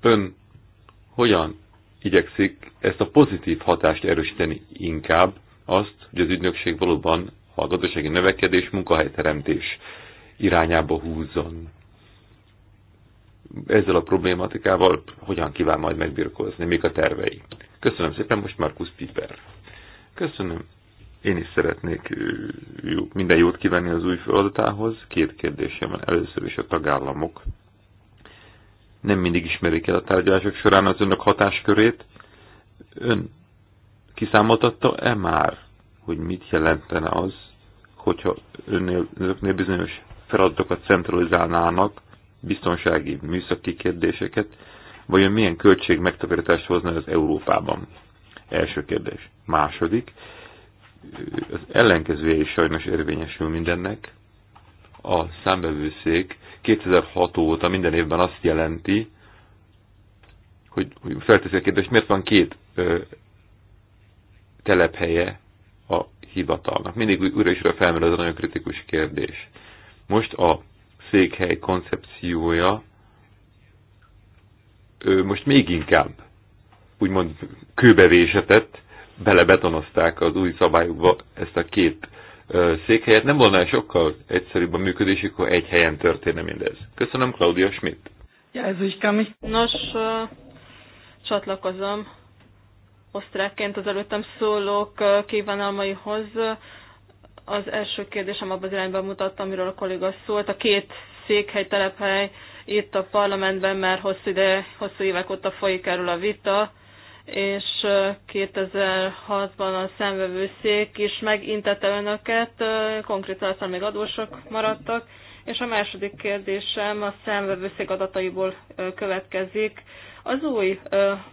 Ön hogyan igyekszik ezt a pozitív hatást erősíteni inkább, azt, hogy az ügynökség valóban a gazdasági növekedés, munkahelyteremtés irányába húzzon ezzel a problématikával hogyan kíván majd megbirkózni, mik a tervei. Köszönöm szépen, most Markus Piper. Köszönöm. Én is szeretnék jó, minden jót kivenni az új feladatához. Két kérdésem van. Először is a tagállamok nem mindig ismerik el a tárgyalások során az önök hatáskörét. Ön kiszámoltatta-e már, hogy mit jelentene az, hogyha önöknél bizonyos feladatokat centralizálnának, biztonsági, műszaki kérdéseket, vajon milyen költség megtakarítást hozna az Európában? Első kérdés. Második, az ellenkezője is sajnos érvényesül mindennek. A számbevőszék 2006 óta minden évben azt jelenti, hogy, hogy felteszi a kérdést, miért van két ö, telephelye a hivatalnak. Mindig újra is felmerül az a nagyon kritikus kérdés. Most a székhely koncepciója most még inkább úgymond kőbevésetett, belebetonozták az új szabályokba ezt a két székhelyet. Nem volna sokkal egyszerűbb a működés, akkor egy helyen történne mindez. Köszönöm, Claudia Schmidt. Ja, ez is kami. Nos, csatlakozom osztrákként az előttem szólók kívánalmaihoz. Az első kérdésem abban az irányban mutatta, amiről a kolléga szólt. A két székhely, telephely itt a parlamentben már hosszú, ide, hosszú évek óta folyik erről a vita, és 2006-ban a szemvevőszék is megintette önöket, konkrétan aztán még adósok maradtak, és a második kérdésem a számvevőszék adataiból következik. Az új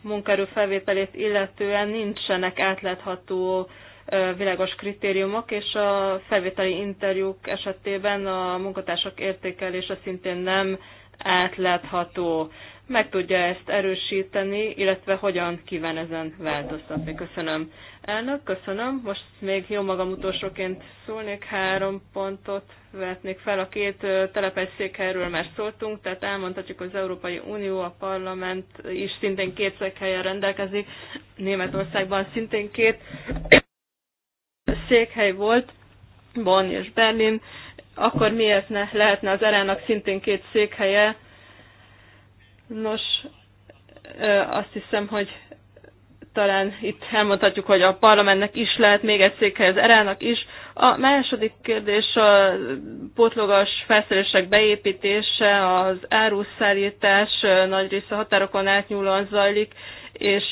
munkaerő felvételét illetően nincsenek átlátható világos kritériumok, és a felvételi interjúk esetében a munkatársak értékelése szintén nem átlátható. Meg tudja ezt erősíteni, illetve hogyan kíván ezen változtatni. Köszönöm. Elnök, köszönöm. Most még jó magam utolsóként szólnék, három pontot vetnék fel. A két telepes székhelyről már szóltunk, tehát elmondhatjuk, hogy az Európai Unió, a parlament is szintén két székhelyen rendelkezik. Németországban szintén két székhely volt, Bonn és Berlin, akkor miért ne lehetne az erának szintén két székhelye? Nos, azt hiszem, hogy talán itt elmondhatjuk, hogy a parlamentnek is lehet még egy székhely, az erának is. A második kérdés a potlogas felszerelések beépítése, az áruszállítás nagy része határokon átnyúlóan zajlik, és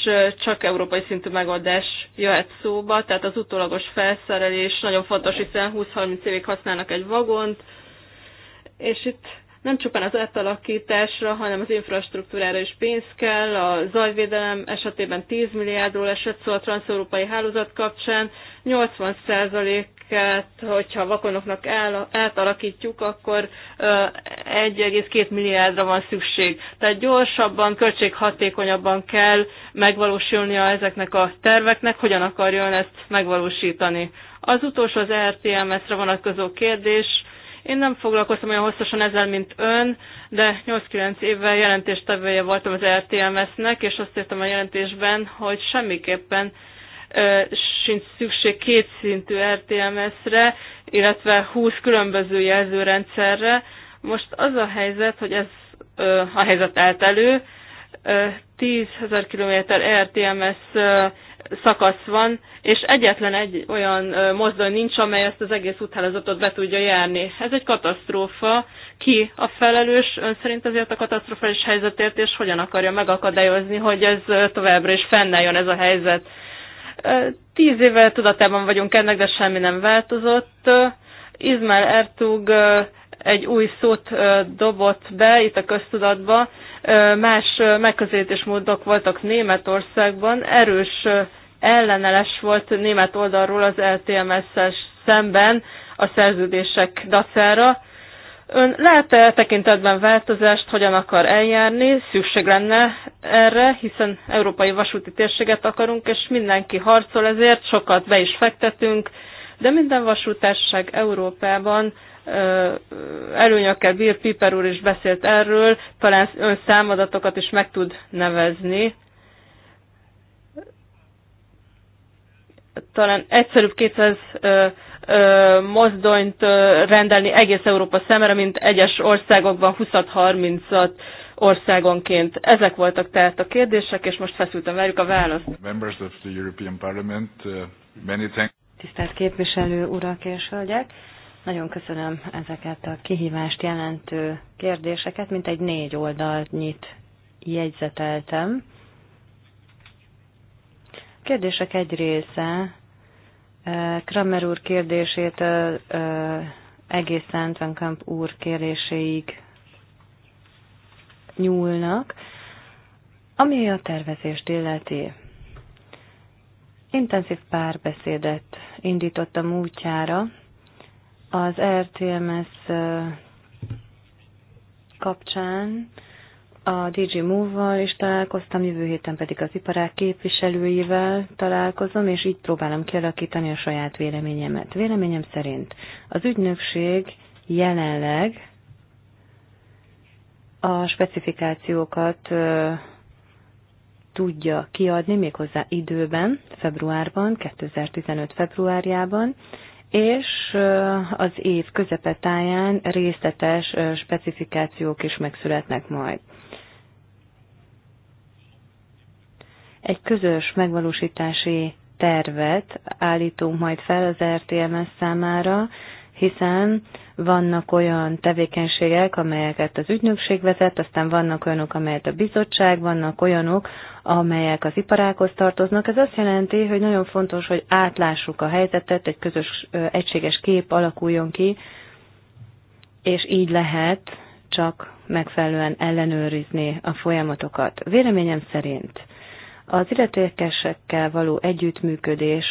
csak európai szintű megoldás jöhet szóba, tehát az utólagos felszerelés nagyon fontos, hiszen 20-30 évig használnak egy vagont, és itt nem csupán az átalakításra, hanem az infrastruktúrára is pénz kell. A zajvédelem esetében 10 milliárdról esett szó a transzeurópai hálózat kapcsán. 80%-át, hogyha vakonoknak el, átalakítjuk, akkor 1,2 milliárdra van szükség. Tehát gyorsabban, költséghatékonyabban kell megvalósulnia ezeknek a terveknek, hogyan akarjon ezt megvalósítani. Az utolsó az RTMS-re vonatkozó kérdés én nem foglalkoztam olyan hosszasan ezzel, mint ön, de 8-9 évvel jelentéstevője voltam az RTMS-nek, és azt írtam a jelentésben, hogy semmiképpen ö, sincs szükség kétszintű RTMS-re, illetve 20 különböző jelzőrendszerre. Most az a helyzet, hogy ez ö, a helyzet eltelő, 10 ezer kilométer RTMS szakasz van, és egyetlen egy olyan mozdony nincs, amely ezt az egész úthálózatot be tudja járni. Ez egy katasztrófa. Ki a felelős ön szerint ezért a katasztrofális helyzetért, és hogyan akarja megakadályozni, hogy ez továbbra is fennálljon ez a helyzet? Tíz éve tudatában vagyunk ennek, de semmi nem változott. Izmail Ertug egy új szót dobott be itt a köztudatba. Más megközelítésmódok voltak Németországban. Erős ellenes volt német oldalról az LTMS-es szemben a szerződések dacára. Ön lehet-e tekintetben változást, hogyan akar eljárni? Szükség lenne erre, hiszen európai vasúti térséget akarunk, és mindenki harcol ezért, sokat be is fektetünk, de minden vasútárság Európában előnyökkel bír, Piper úr is beszélt erről, talán ön számadatokat is meg tud nevezni talán egyszerűbb 200 ö, ö, mozdonyt ö, rendelni egész Európa szemére, mint egyes országokban 20-30-at országonként. Ezek voltak tehát a kérdések, és most feszültem várjuk a választ. Uh, Tisztelt képviselő urak és hölgyek! Nagyon köszönöm ezeket a kihívást jelentő kérdéseket, mint egy négy oldalt nyit jegyzeteltem kérdések egy része Kramer úr kérdését egészen Tvenkamp úr kéréséig nyúlnak. Ami a tervezést illeti, intenzív párbeszédet indítottam útjára az RTMS kapcsán a DJ Move-val is találkoztam, jövő héten pedig az iparák képviselőivel találkozom, és így próbálom kialakítani a saját véleményemet. Véleményem szerint az ügynökség jelenleg a specifikációkat tudja kiadni méghozzá időben, februárban, 2015 februárjában, és az év közepetáján részletes specifikációk is megszületnek majd. Egy közös megvalósítási tervet állítunk majd fel az RTMS számára, hiszen vannak olyan tevékenységek, amelyeket az ügynökség vezet, aztán vannak olyanok, amelyet a bizottság, vannak olyanok, amelyek az iparákhoz tartoznak. Ez azt jelenti, hogy nagyon fontos, hogy átlássuk a helyzetet, egy közös egységes kép alakuljon ki, és így lehet csak megfelelően ellenőrizni a folyamatokat. Véleményem szerint az illetékesekkel való együttműködés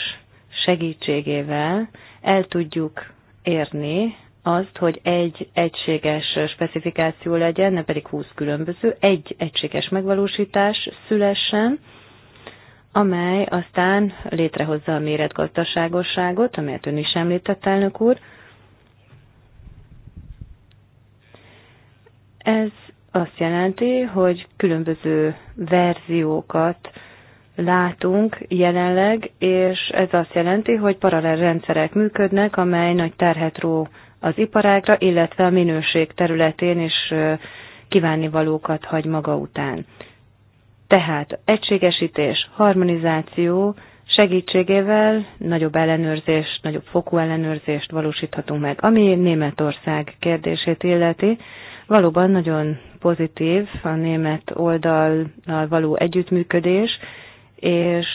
segítségével el tudjuk érni azt, hogy egy egységes specifikáció legyen, ne pedig 20 különböző, egy egységes megvalósítás szülessen, amely aztán létrehozza a méretgazdaságosságot, amelyet ön is említett, elnök úr. Ez azt jelenti, hogy különböző verziókat látunk jelenleg, és ez azt jelenti, hogy paralel rendszerek működnek, amely nagy terhet ró az iparágra, illetve a minőség területén is kívánivalókat hagy maga után. Tehát egységesítés, harmonizáció segítségével nagyobb ellenőrzést, nagyobb fokú ellenőrzést valósíthatunk meg. Ami Németország kérdését illeti, valóban nagyon pozitív a német oldal való együttműködés, és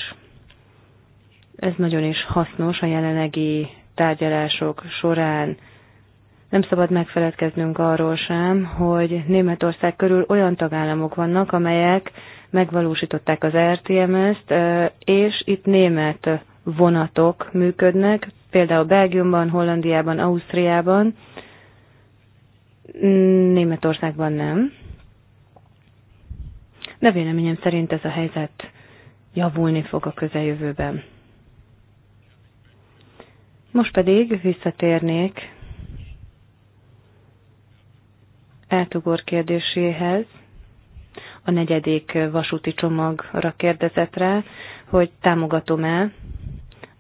ez nagyon is hasznos a jelenlegi tárgyalások során. Nem szabad megfeledkeznünk arról sem, hogy Németország körül olyan tagállamok vannak, amelyek megvalósították az RTMS-t, és itt német vonatok működnek, például Belgiumban, Hollandiában, Ausztriában, Németországban nem. De véleményem szerint ez a helyzet javulni fog a közeljövőben. Most pedig visszatérnék Eltugor kérdéséhez, a negyedik vasúti csomagra kérdezett rá, hogy támogatom-e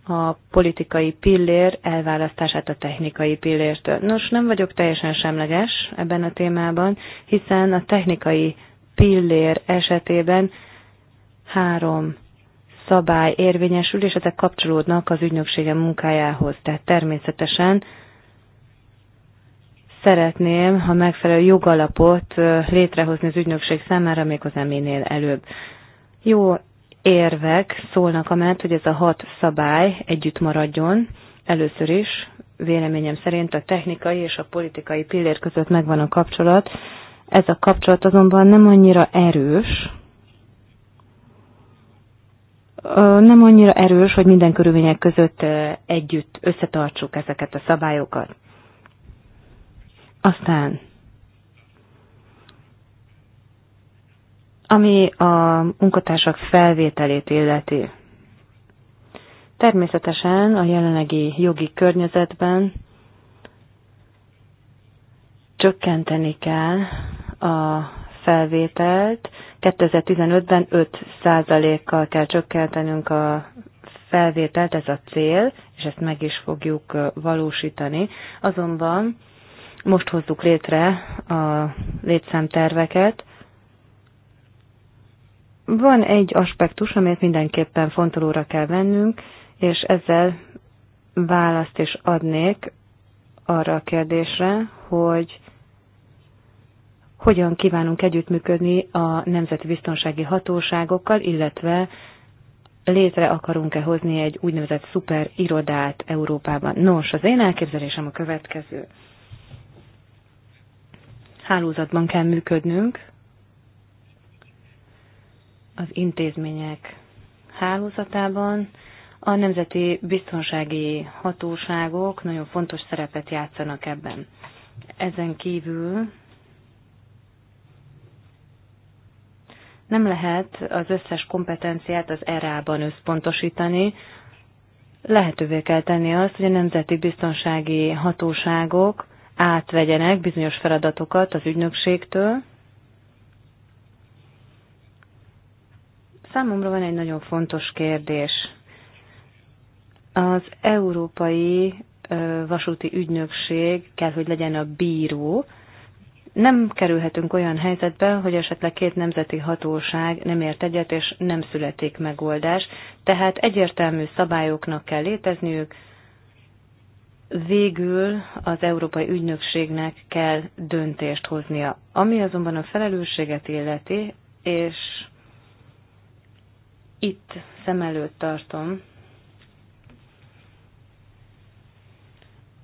a politikai pillér elválasztását a technikai pillértől. Nos, nem vagyok teljesen semleges ebben a témában, hiszen a technikai pillér esetében három szabály érvényesül, és ezek kapcsolódnak az ügynöksége munkájához. Tehát természetesen szeretném, ha megfelelő jogalapot létrehozni az ügynökség számára, az minél előbb. Jó érvek szólnak amellett, hogy ez a hat szabály együtt maradjon. Először is véleményem szerint a technikai és a politikai pillér között megvan a kapcsolat. Ez a kapcsolat azonban nem annyira erős, nem annyira erős, hogy minden körülmények között együtt összetartsuk ezeket a szabályokat. Aztán, ami a munkatársak felvételét illeti, természetesen a jelenlegi jogi környezetben csökkenteni kell a felvételt, 2015-ben 5%-kal kell csökkentenünk a felvételt, ez a cél, és ezt meg is fogjuk valósítani. Azonban most hozzuk létre a létszámterveket. Van egy aspektus, amit mindenképpen fontolóra kell vennünk, és ezzel választ is adnék arra a kérdésre, hogy hogyan kívánunk együttműködni a nemzeti biztonsági hatóságokkal, illetve létre akarunk-e hozni egy úgynevezett szuper irodát Európában. Nos, az én elképzelésem a következő. Hálózatban kell működnünk, az intézmények hálózatában. A nemzeti biztonsági hatóságok nagyon fontos szerepet játszanak ebben. Ezen kívül Nem lehet az összes kompetenciát az ERA-ban összpontosítani, lehetővé kell tenni azt, hogy a nemzeti biztonsági hatóságok átvegyenek bizonyos feladatokat az ügynökségtől. Számomra van egy nagyon fontos kérdés. Az Európai Vasúti Ügynökség kell, hogy legyen a bíró, nem kerülhetünk olyan helyzetbe, hogy esetleg két nemzeti hatóság nem ért egyet, és nem születik megoldás. Tehát egyértelmű szabályoknak kell létezniük, végül az Európai Ügynökségnek kell döntést hoznia. Ami azonban a felelősséget illeti, és itt szem előtt tartom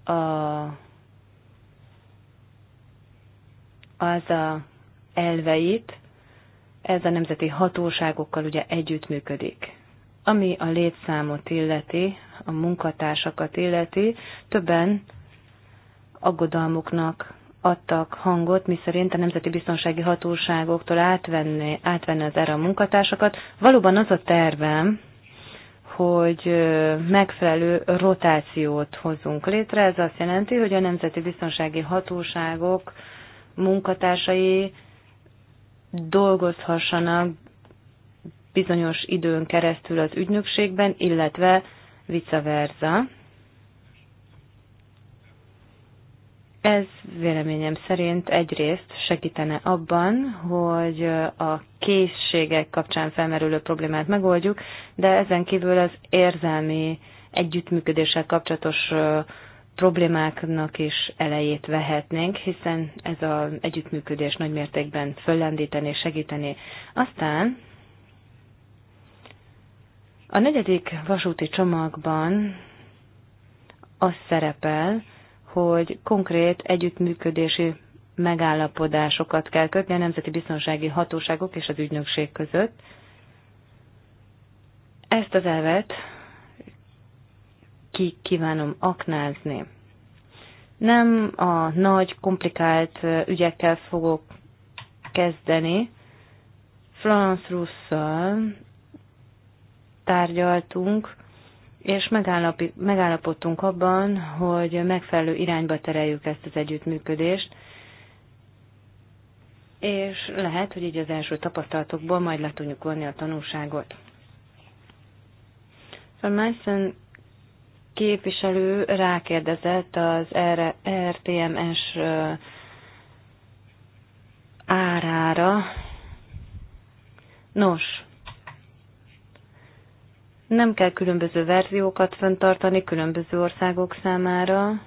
a az a elveit, ez a nemzeti hatóságokkal ugye együttműködik. Ami a létszámot illeti, a munkatársakat illeti, többen aggodalmuknak adtak hangot, miszerint a Nemzeti Biztonsági Hatóságoktól átvenni, átvenni az erre a munkatársakat. Valóban az a tervem, hogy megfelelő rotációt hozunk létre. Ez azt jelenti, hogy a Nemzeti Biztonsági Hatóságok munkatársai dolgozhassanak bizonyos időn keresztül az ügynökségben, illetve vice versa. Ez véleményem szerint egyrészt segítene abban, hogy a készségek kapcsán felmerülő problémát megoldjuk, de ezen kívül az érzelmi együttműködéssel kapcsolatos problémáknak is elejét vehetnénk, hiszen ez az együttműködés nagymértékben föllendíteni és segíteni. Aztán a negyedik vasúti csomagban az szerepel, hogy konkrét együttműködési megállapodásokat kell kötni a nemzeti biztonsági hatóságok és az ügynökség között. Ezt az elvet ki kívánom aknázni. Nem a nagy, komplikált ügyekkel fogok kezdeni. Florence Russell tárgyaltunk, és megállapodtunk abban, hogy megfelelő irányba tereljük ezt az együttműködést, és lehet, hogy így az első tapasztalatokból majd le tudjuk vonni a tanulságot. Van szóval Meissen képviselő rákérdezett az RTMS árára. Nos, nem kell különböző verziókat fenntartani különböző országok számára.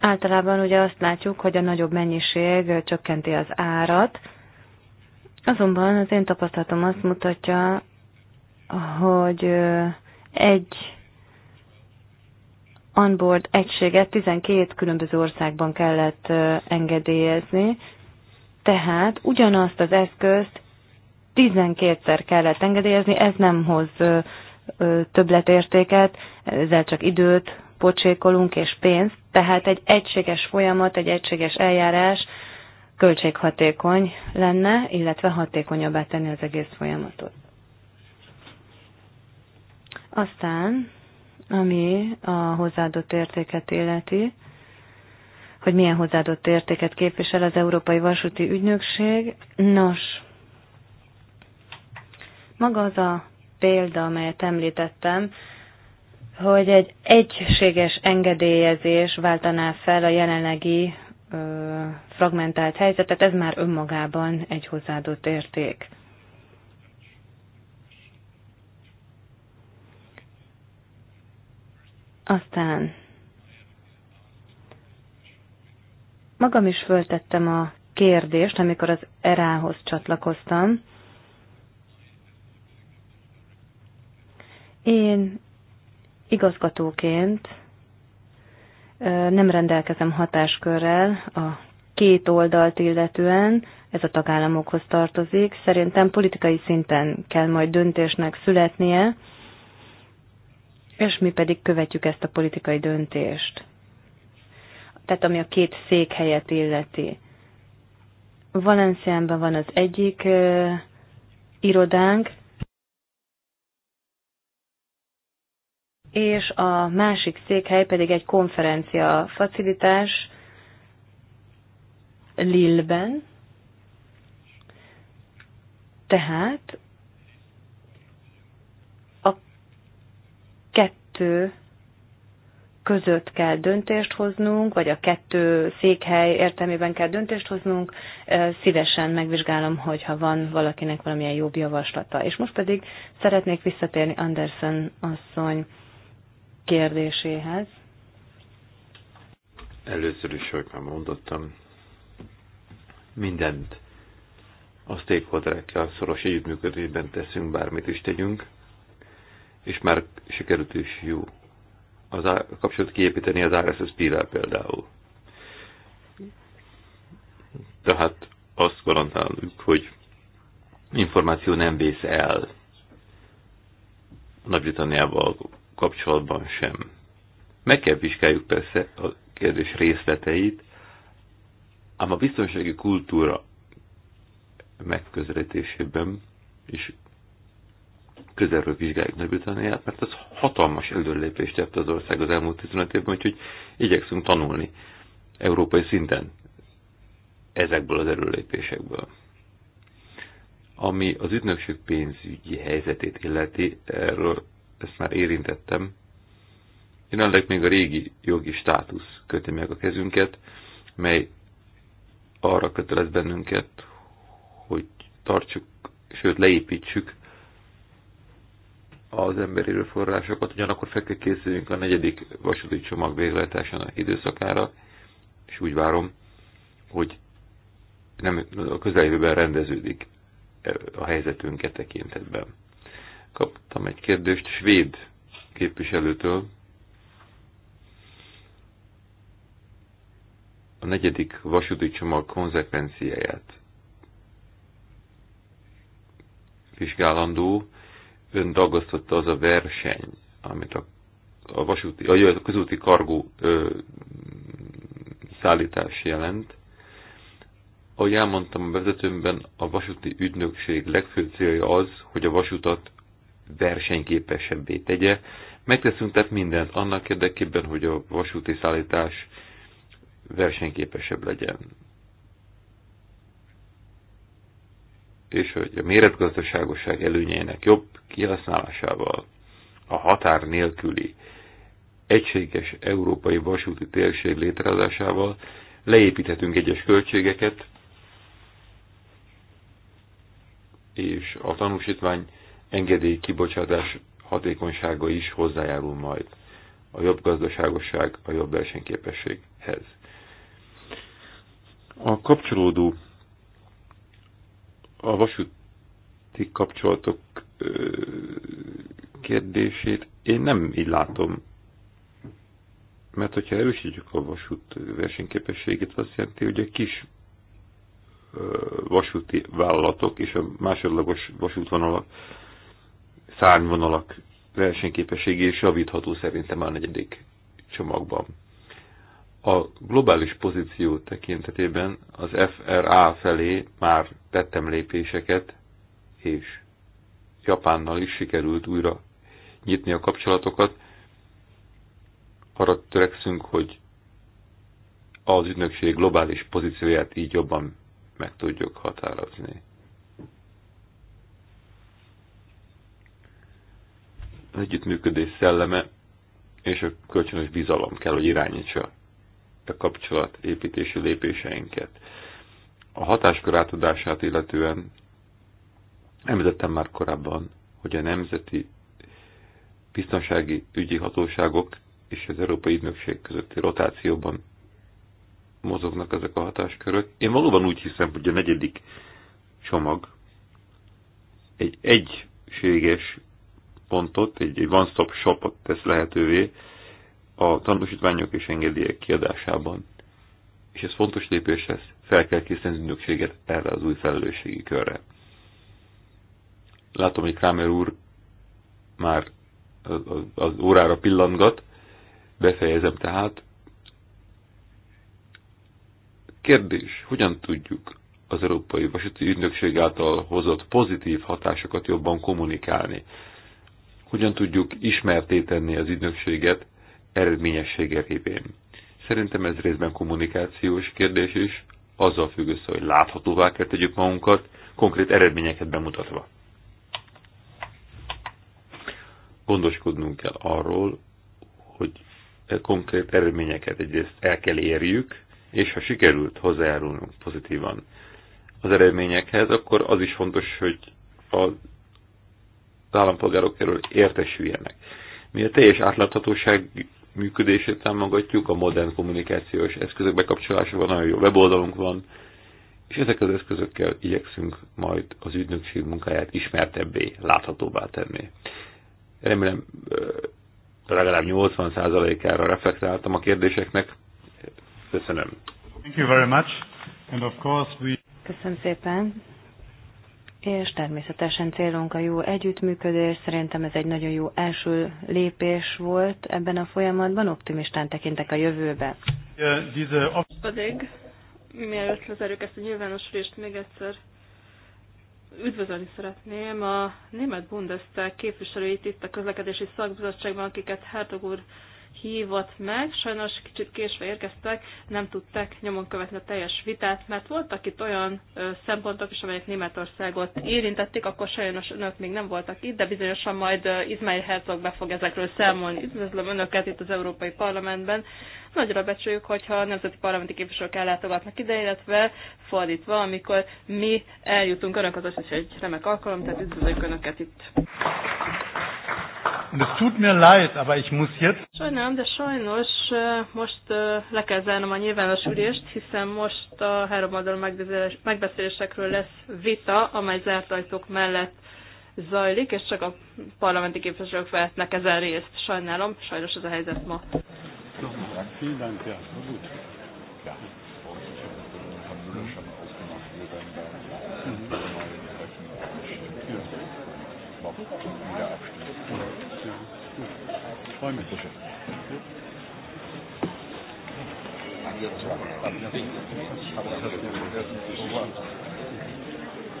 Általában ugye azt látjuk, hogy a nagyobb mennyiség csökkenti az árat, azonban az én tapasztalatom azt mutatja, hogy egy onboard egységet 12 különböző országban kellett engedélyezni, tehát ugyanazt az eszközt 12-szer kellett engedélyezni, ez nem hoz többletértéket, ezzel csak időt pocsékolunk és pénzt, tehát egy egységes folyamat, egy egységes eljárás költséghatékony lenne, illetve hatékonyabbá tenni az egész folyamatot. Aztán, ami a hozzáadott értéket életi, hogy milyen hozzáadott értéket képvisel az Európai Vasúti Ügynökség. Nos, maga az a példa, amelyet említettem, hogy egy egységes engedélyezés váltaná fel a jelenlegi ö, fragmentált helyzetet, ez már önmagában egy hozzáadott érték. Aztán magam is föltettem a kérdést, amikor az Erához csatlakoztam. Én igazgatóként nem rendelkezem hatáskörrel a két oldalt illetően, ez a tagállamokhoz tartozik. Szerintem politikai szinten kell majd döntésnek születnie, és mi pedig követjük ezt a politikai döntést. Tehát ami a két helyet illeti. Valenciánban van az egyik ö, irodánk, és a másik székhely pedig egy konferencia facilitás Lilleben. Tehát kettő között kell döntést hoznunk, vagy a kettő székhely értelmében kell döntést hoznunk, szívesen megvizsgálom, hogyha van valakinek valamilyen jobb javaslata. És most pedig szeretnék visszatérni Anderson asszony kérdéséhez. Először is, hogy már mondottam, mindent a stakeholderekkel szoros együttműködésben teszünk, bármit is tegyünk, és már sikerült is jó az á, kapcsolat kiépíteni az rss vel például. Tehát azt garantáljuk, hogy információ nem vész el Nagy-Britanniával kapcsolatban sem. Meg kell vizsgáljuk persze a kérdés részleteit, ám a biztonsági kultúra megközelítésében is közelről vizsgáljuk Nagy-Britanniát, mert ez hatalmas előrelépést tett az ország az elmúlt 15 évben, úgyhogy igyekszünk tanulni európai szinten ezekből az erőlépésekből. Ami az ügynökség pénzügyi helyzetét illeti, erről ezt már érintettem, jelenleg még a régi jogi státusz köti meg a kezünket, mely arra kötelez bennünket, hogy tartsuk, sőt leépítsük az emberi erőforrásokat, ugyanakkor fel kell készüljünk a negyedik vasúti csomag végrehajtásának időszakára, és úgy várom, hogy nem a közeljövőben rendeződik a helyzetünk e tekintetben. Kaptam egy kérdést svéd képviselőtől. A negyedik vasúti csomag konzekvenciáját vizsgálandó, ön dagasztotta az a verseny, amit a, a vasúti, a, a közúti kargó ö, szállítás jelent. Ahogy elmondtam a vezetőmben, a vasúti ügynökség legfőbb célja az, hogy a vasutat versenyképesebbé tegye. Megteszünk tehát mindent annak érdekében, hogy a vasúti szállítás versenyképesebb legyen. és hogy a méretgazdaságosság előnyeinek jobb kihasználásával a határ nélküli egységes európai vasúti térség létrehozásával leépíthetünk egyes költségeket, és a tanúsítvány engedély kibocsátás hatékonysága is hozzájárul majd a jobb gazdaságosság, a jobb versenyképességhez. A kapcsolódó a vasúti kapcsolatok kérdését én nem így látom. Mert hogyha erősítjük a vasút versenyképességét, azt jelenti, hogy a kis vasúti vállalatok és a másodlagos vasútvonalak, szárnyvonalak versenyképessége is javítható szerintem a negyedik csomagban a globális pozíció tekintetében az FRA felé már tettem lépéseket, és Japánnal is sikerült újra nyitni a kapcsolatokat. Arra törekszünk, hogy az ügynökség globális pozícióját így jobban meg tudjuk határozni. Az együttműködés szelleme és a kölcsönös bizalom kell, hogy irányítsa a kapcsolat építési lépéseinket. A hatáskör átadását illetően említettem már korábban, hogy a nemzeti biztonsági ügyi hatóságok és az Európai Ügynökség közötti rotációban mozognak ezek a hatáskörök. Én valóban úgy hiszem, hogy a negyedik csomag egy egységes pontot, egy, egy one-stop shopot tesz lehetővé a tanúsítványok és engedélyek kiadásában. És ez fontos lépés lesz, fel kell készíteni az ügynökséget erre az új felelősségi körre. Látom, hogy Kramer úr már az órára pillangat, befejezem tehát. Kérdés, hogyan tudjuk az Európai Vasúti Ügynökség által hozott pozitív hatásokat jobban kommunikálni? Hogyan tudjuk ismerté tenni az ügynökséget eredményessége révén. Szerintem ez részben kommunikációs kérdés is, azzal függ össze, hogy láthatóvá kell tegyük magunkat, konkrét eredményeket bemutatva. Gondoskodnunk kell arról, hogy e konkrét eredményeket egyrészt el kell érjük, és ha sikerült hozzájárulnunk pozitívan az eredményekhez, akkor az is fontos, hogy az állampolgárok erről értesüljenek. Mi a teljes átláthatóság működését támogatjuk, a modern kommunikációs eszközök van, nagyon jó weboldalunk van, és ezek az eszközökkel igyekszünk majd az ügynökség munkáját ismertebbé, láthatóbbá tenni. Remélem legalább 80%-ára reflektáltam a kérdéseknek. Köszönöm. Thank you very much. And of course we... Köszönöm szépen és természetesen célunk a jó együttműködés. Szerintem ez egy nagyon jó első lépés volt ebben a folyamatban. Optimistán tekintek a jövőbe. Pedig, mielőtt lezárjuk ezt a nyilvánosulést, még egyszer üdvözölni szeretném a német Bundestag képviselőit itt a közlekedési szakbizottságban, akiket Hertog úr hívott meg, sajnos kicsit késve érkeztek, nem tudták nyomon követni a teljes vitát, mert voltak itt olyan ö, szempontok is, amelyek Németországot érintették, akkor sajnos önök még nem voltak itt, de bizonyosan majd Izmail Herzog be fog ezekről számolni. Üdvözlöm önöket itt az Európai Parlamentben. Nagyra becsüljük, hogyha a nemzeti parlamenti képviselők ellátogatnak ide, illetve fordítva, amikor mi eljutunk önökhöz, az is egy remek alkalom, tehát üdvözlök önöket itt. Und es tut mir leid, aber ich muss jetzt... Sajnálom, de sajnos most le kell zárnom a nyilvános ülést, hiszen most a három oldalú megbeszélésekről lesz vita, amely zárt ajtók mellett zajlik, és csak a parlamenti képviselők vehetnek ezen részt. Sajnálom, sajnos ez a helyzet ma. Nochmal. Dank, vielen Dank, ja, das war gut. Ja, ich habe das von Müller schon mal aufgemacht, wir werden da mhm. mal Treffen ja. noch wieder abstimmen. Ja, gut. Ich freue mich. Bitte schön. Ja.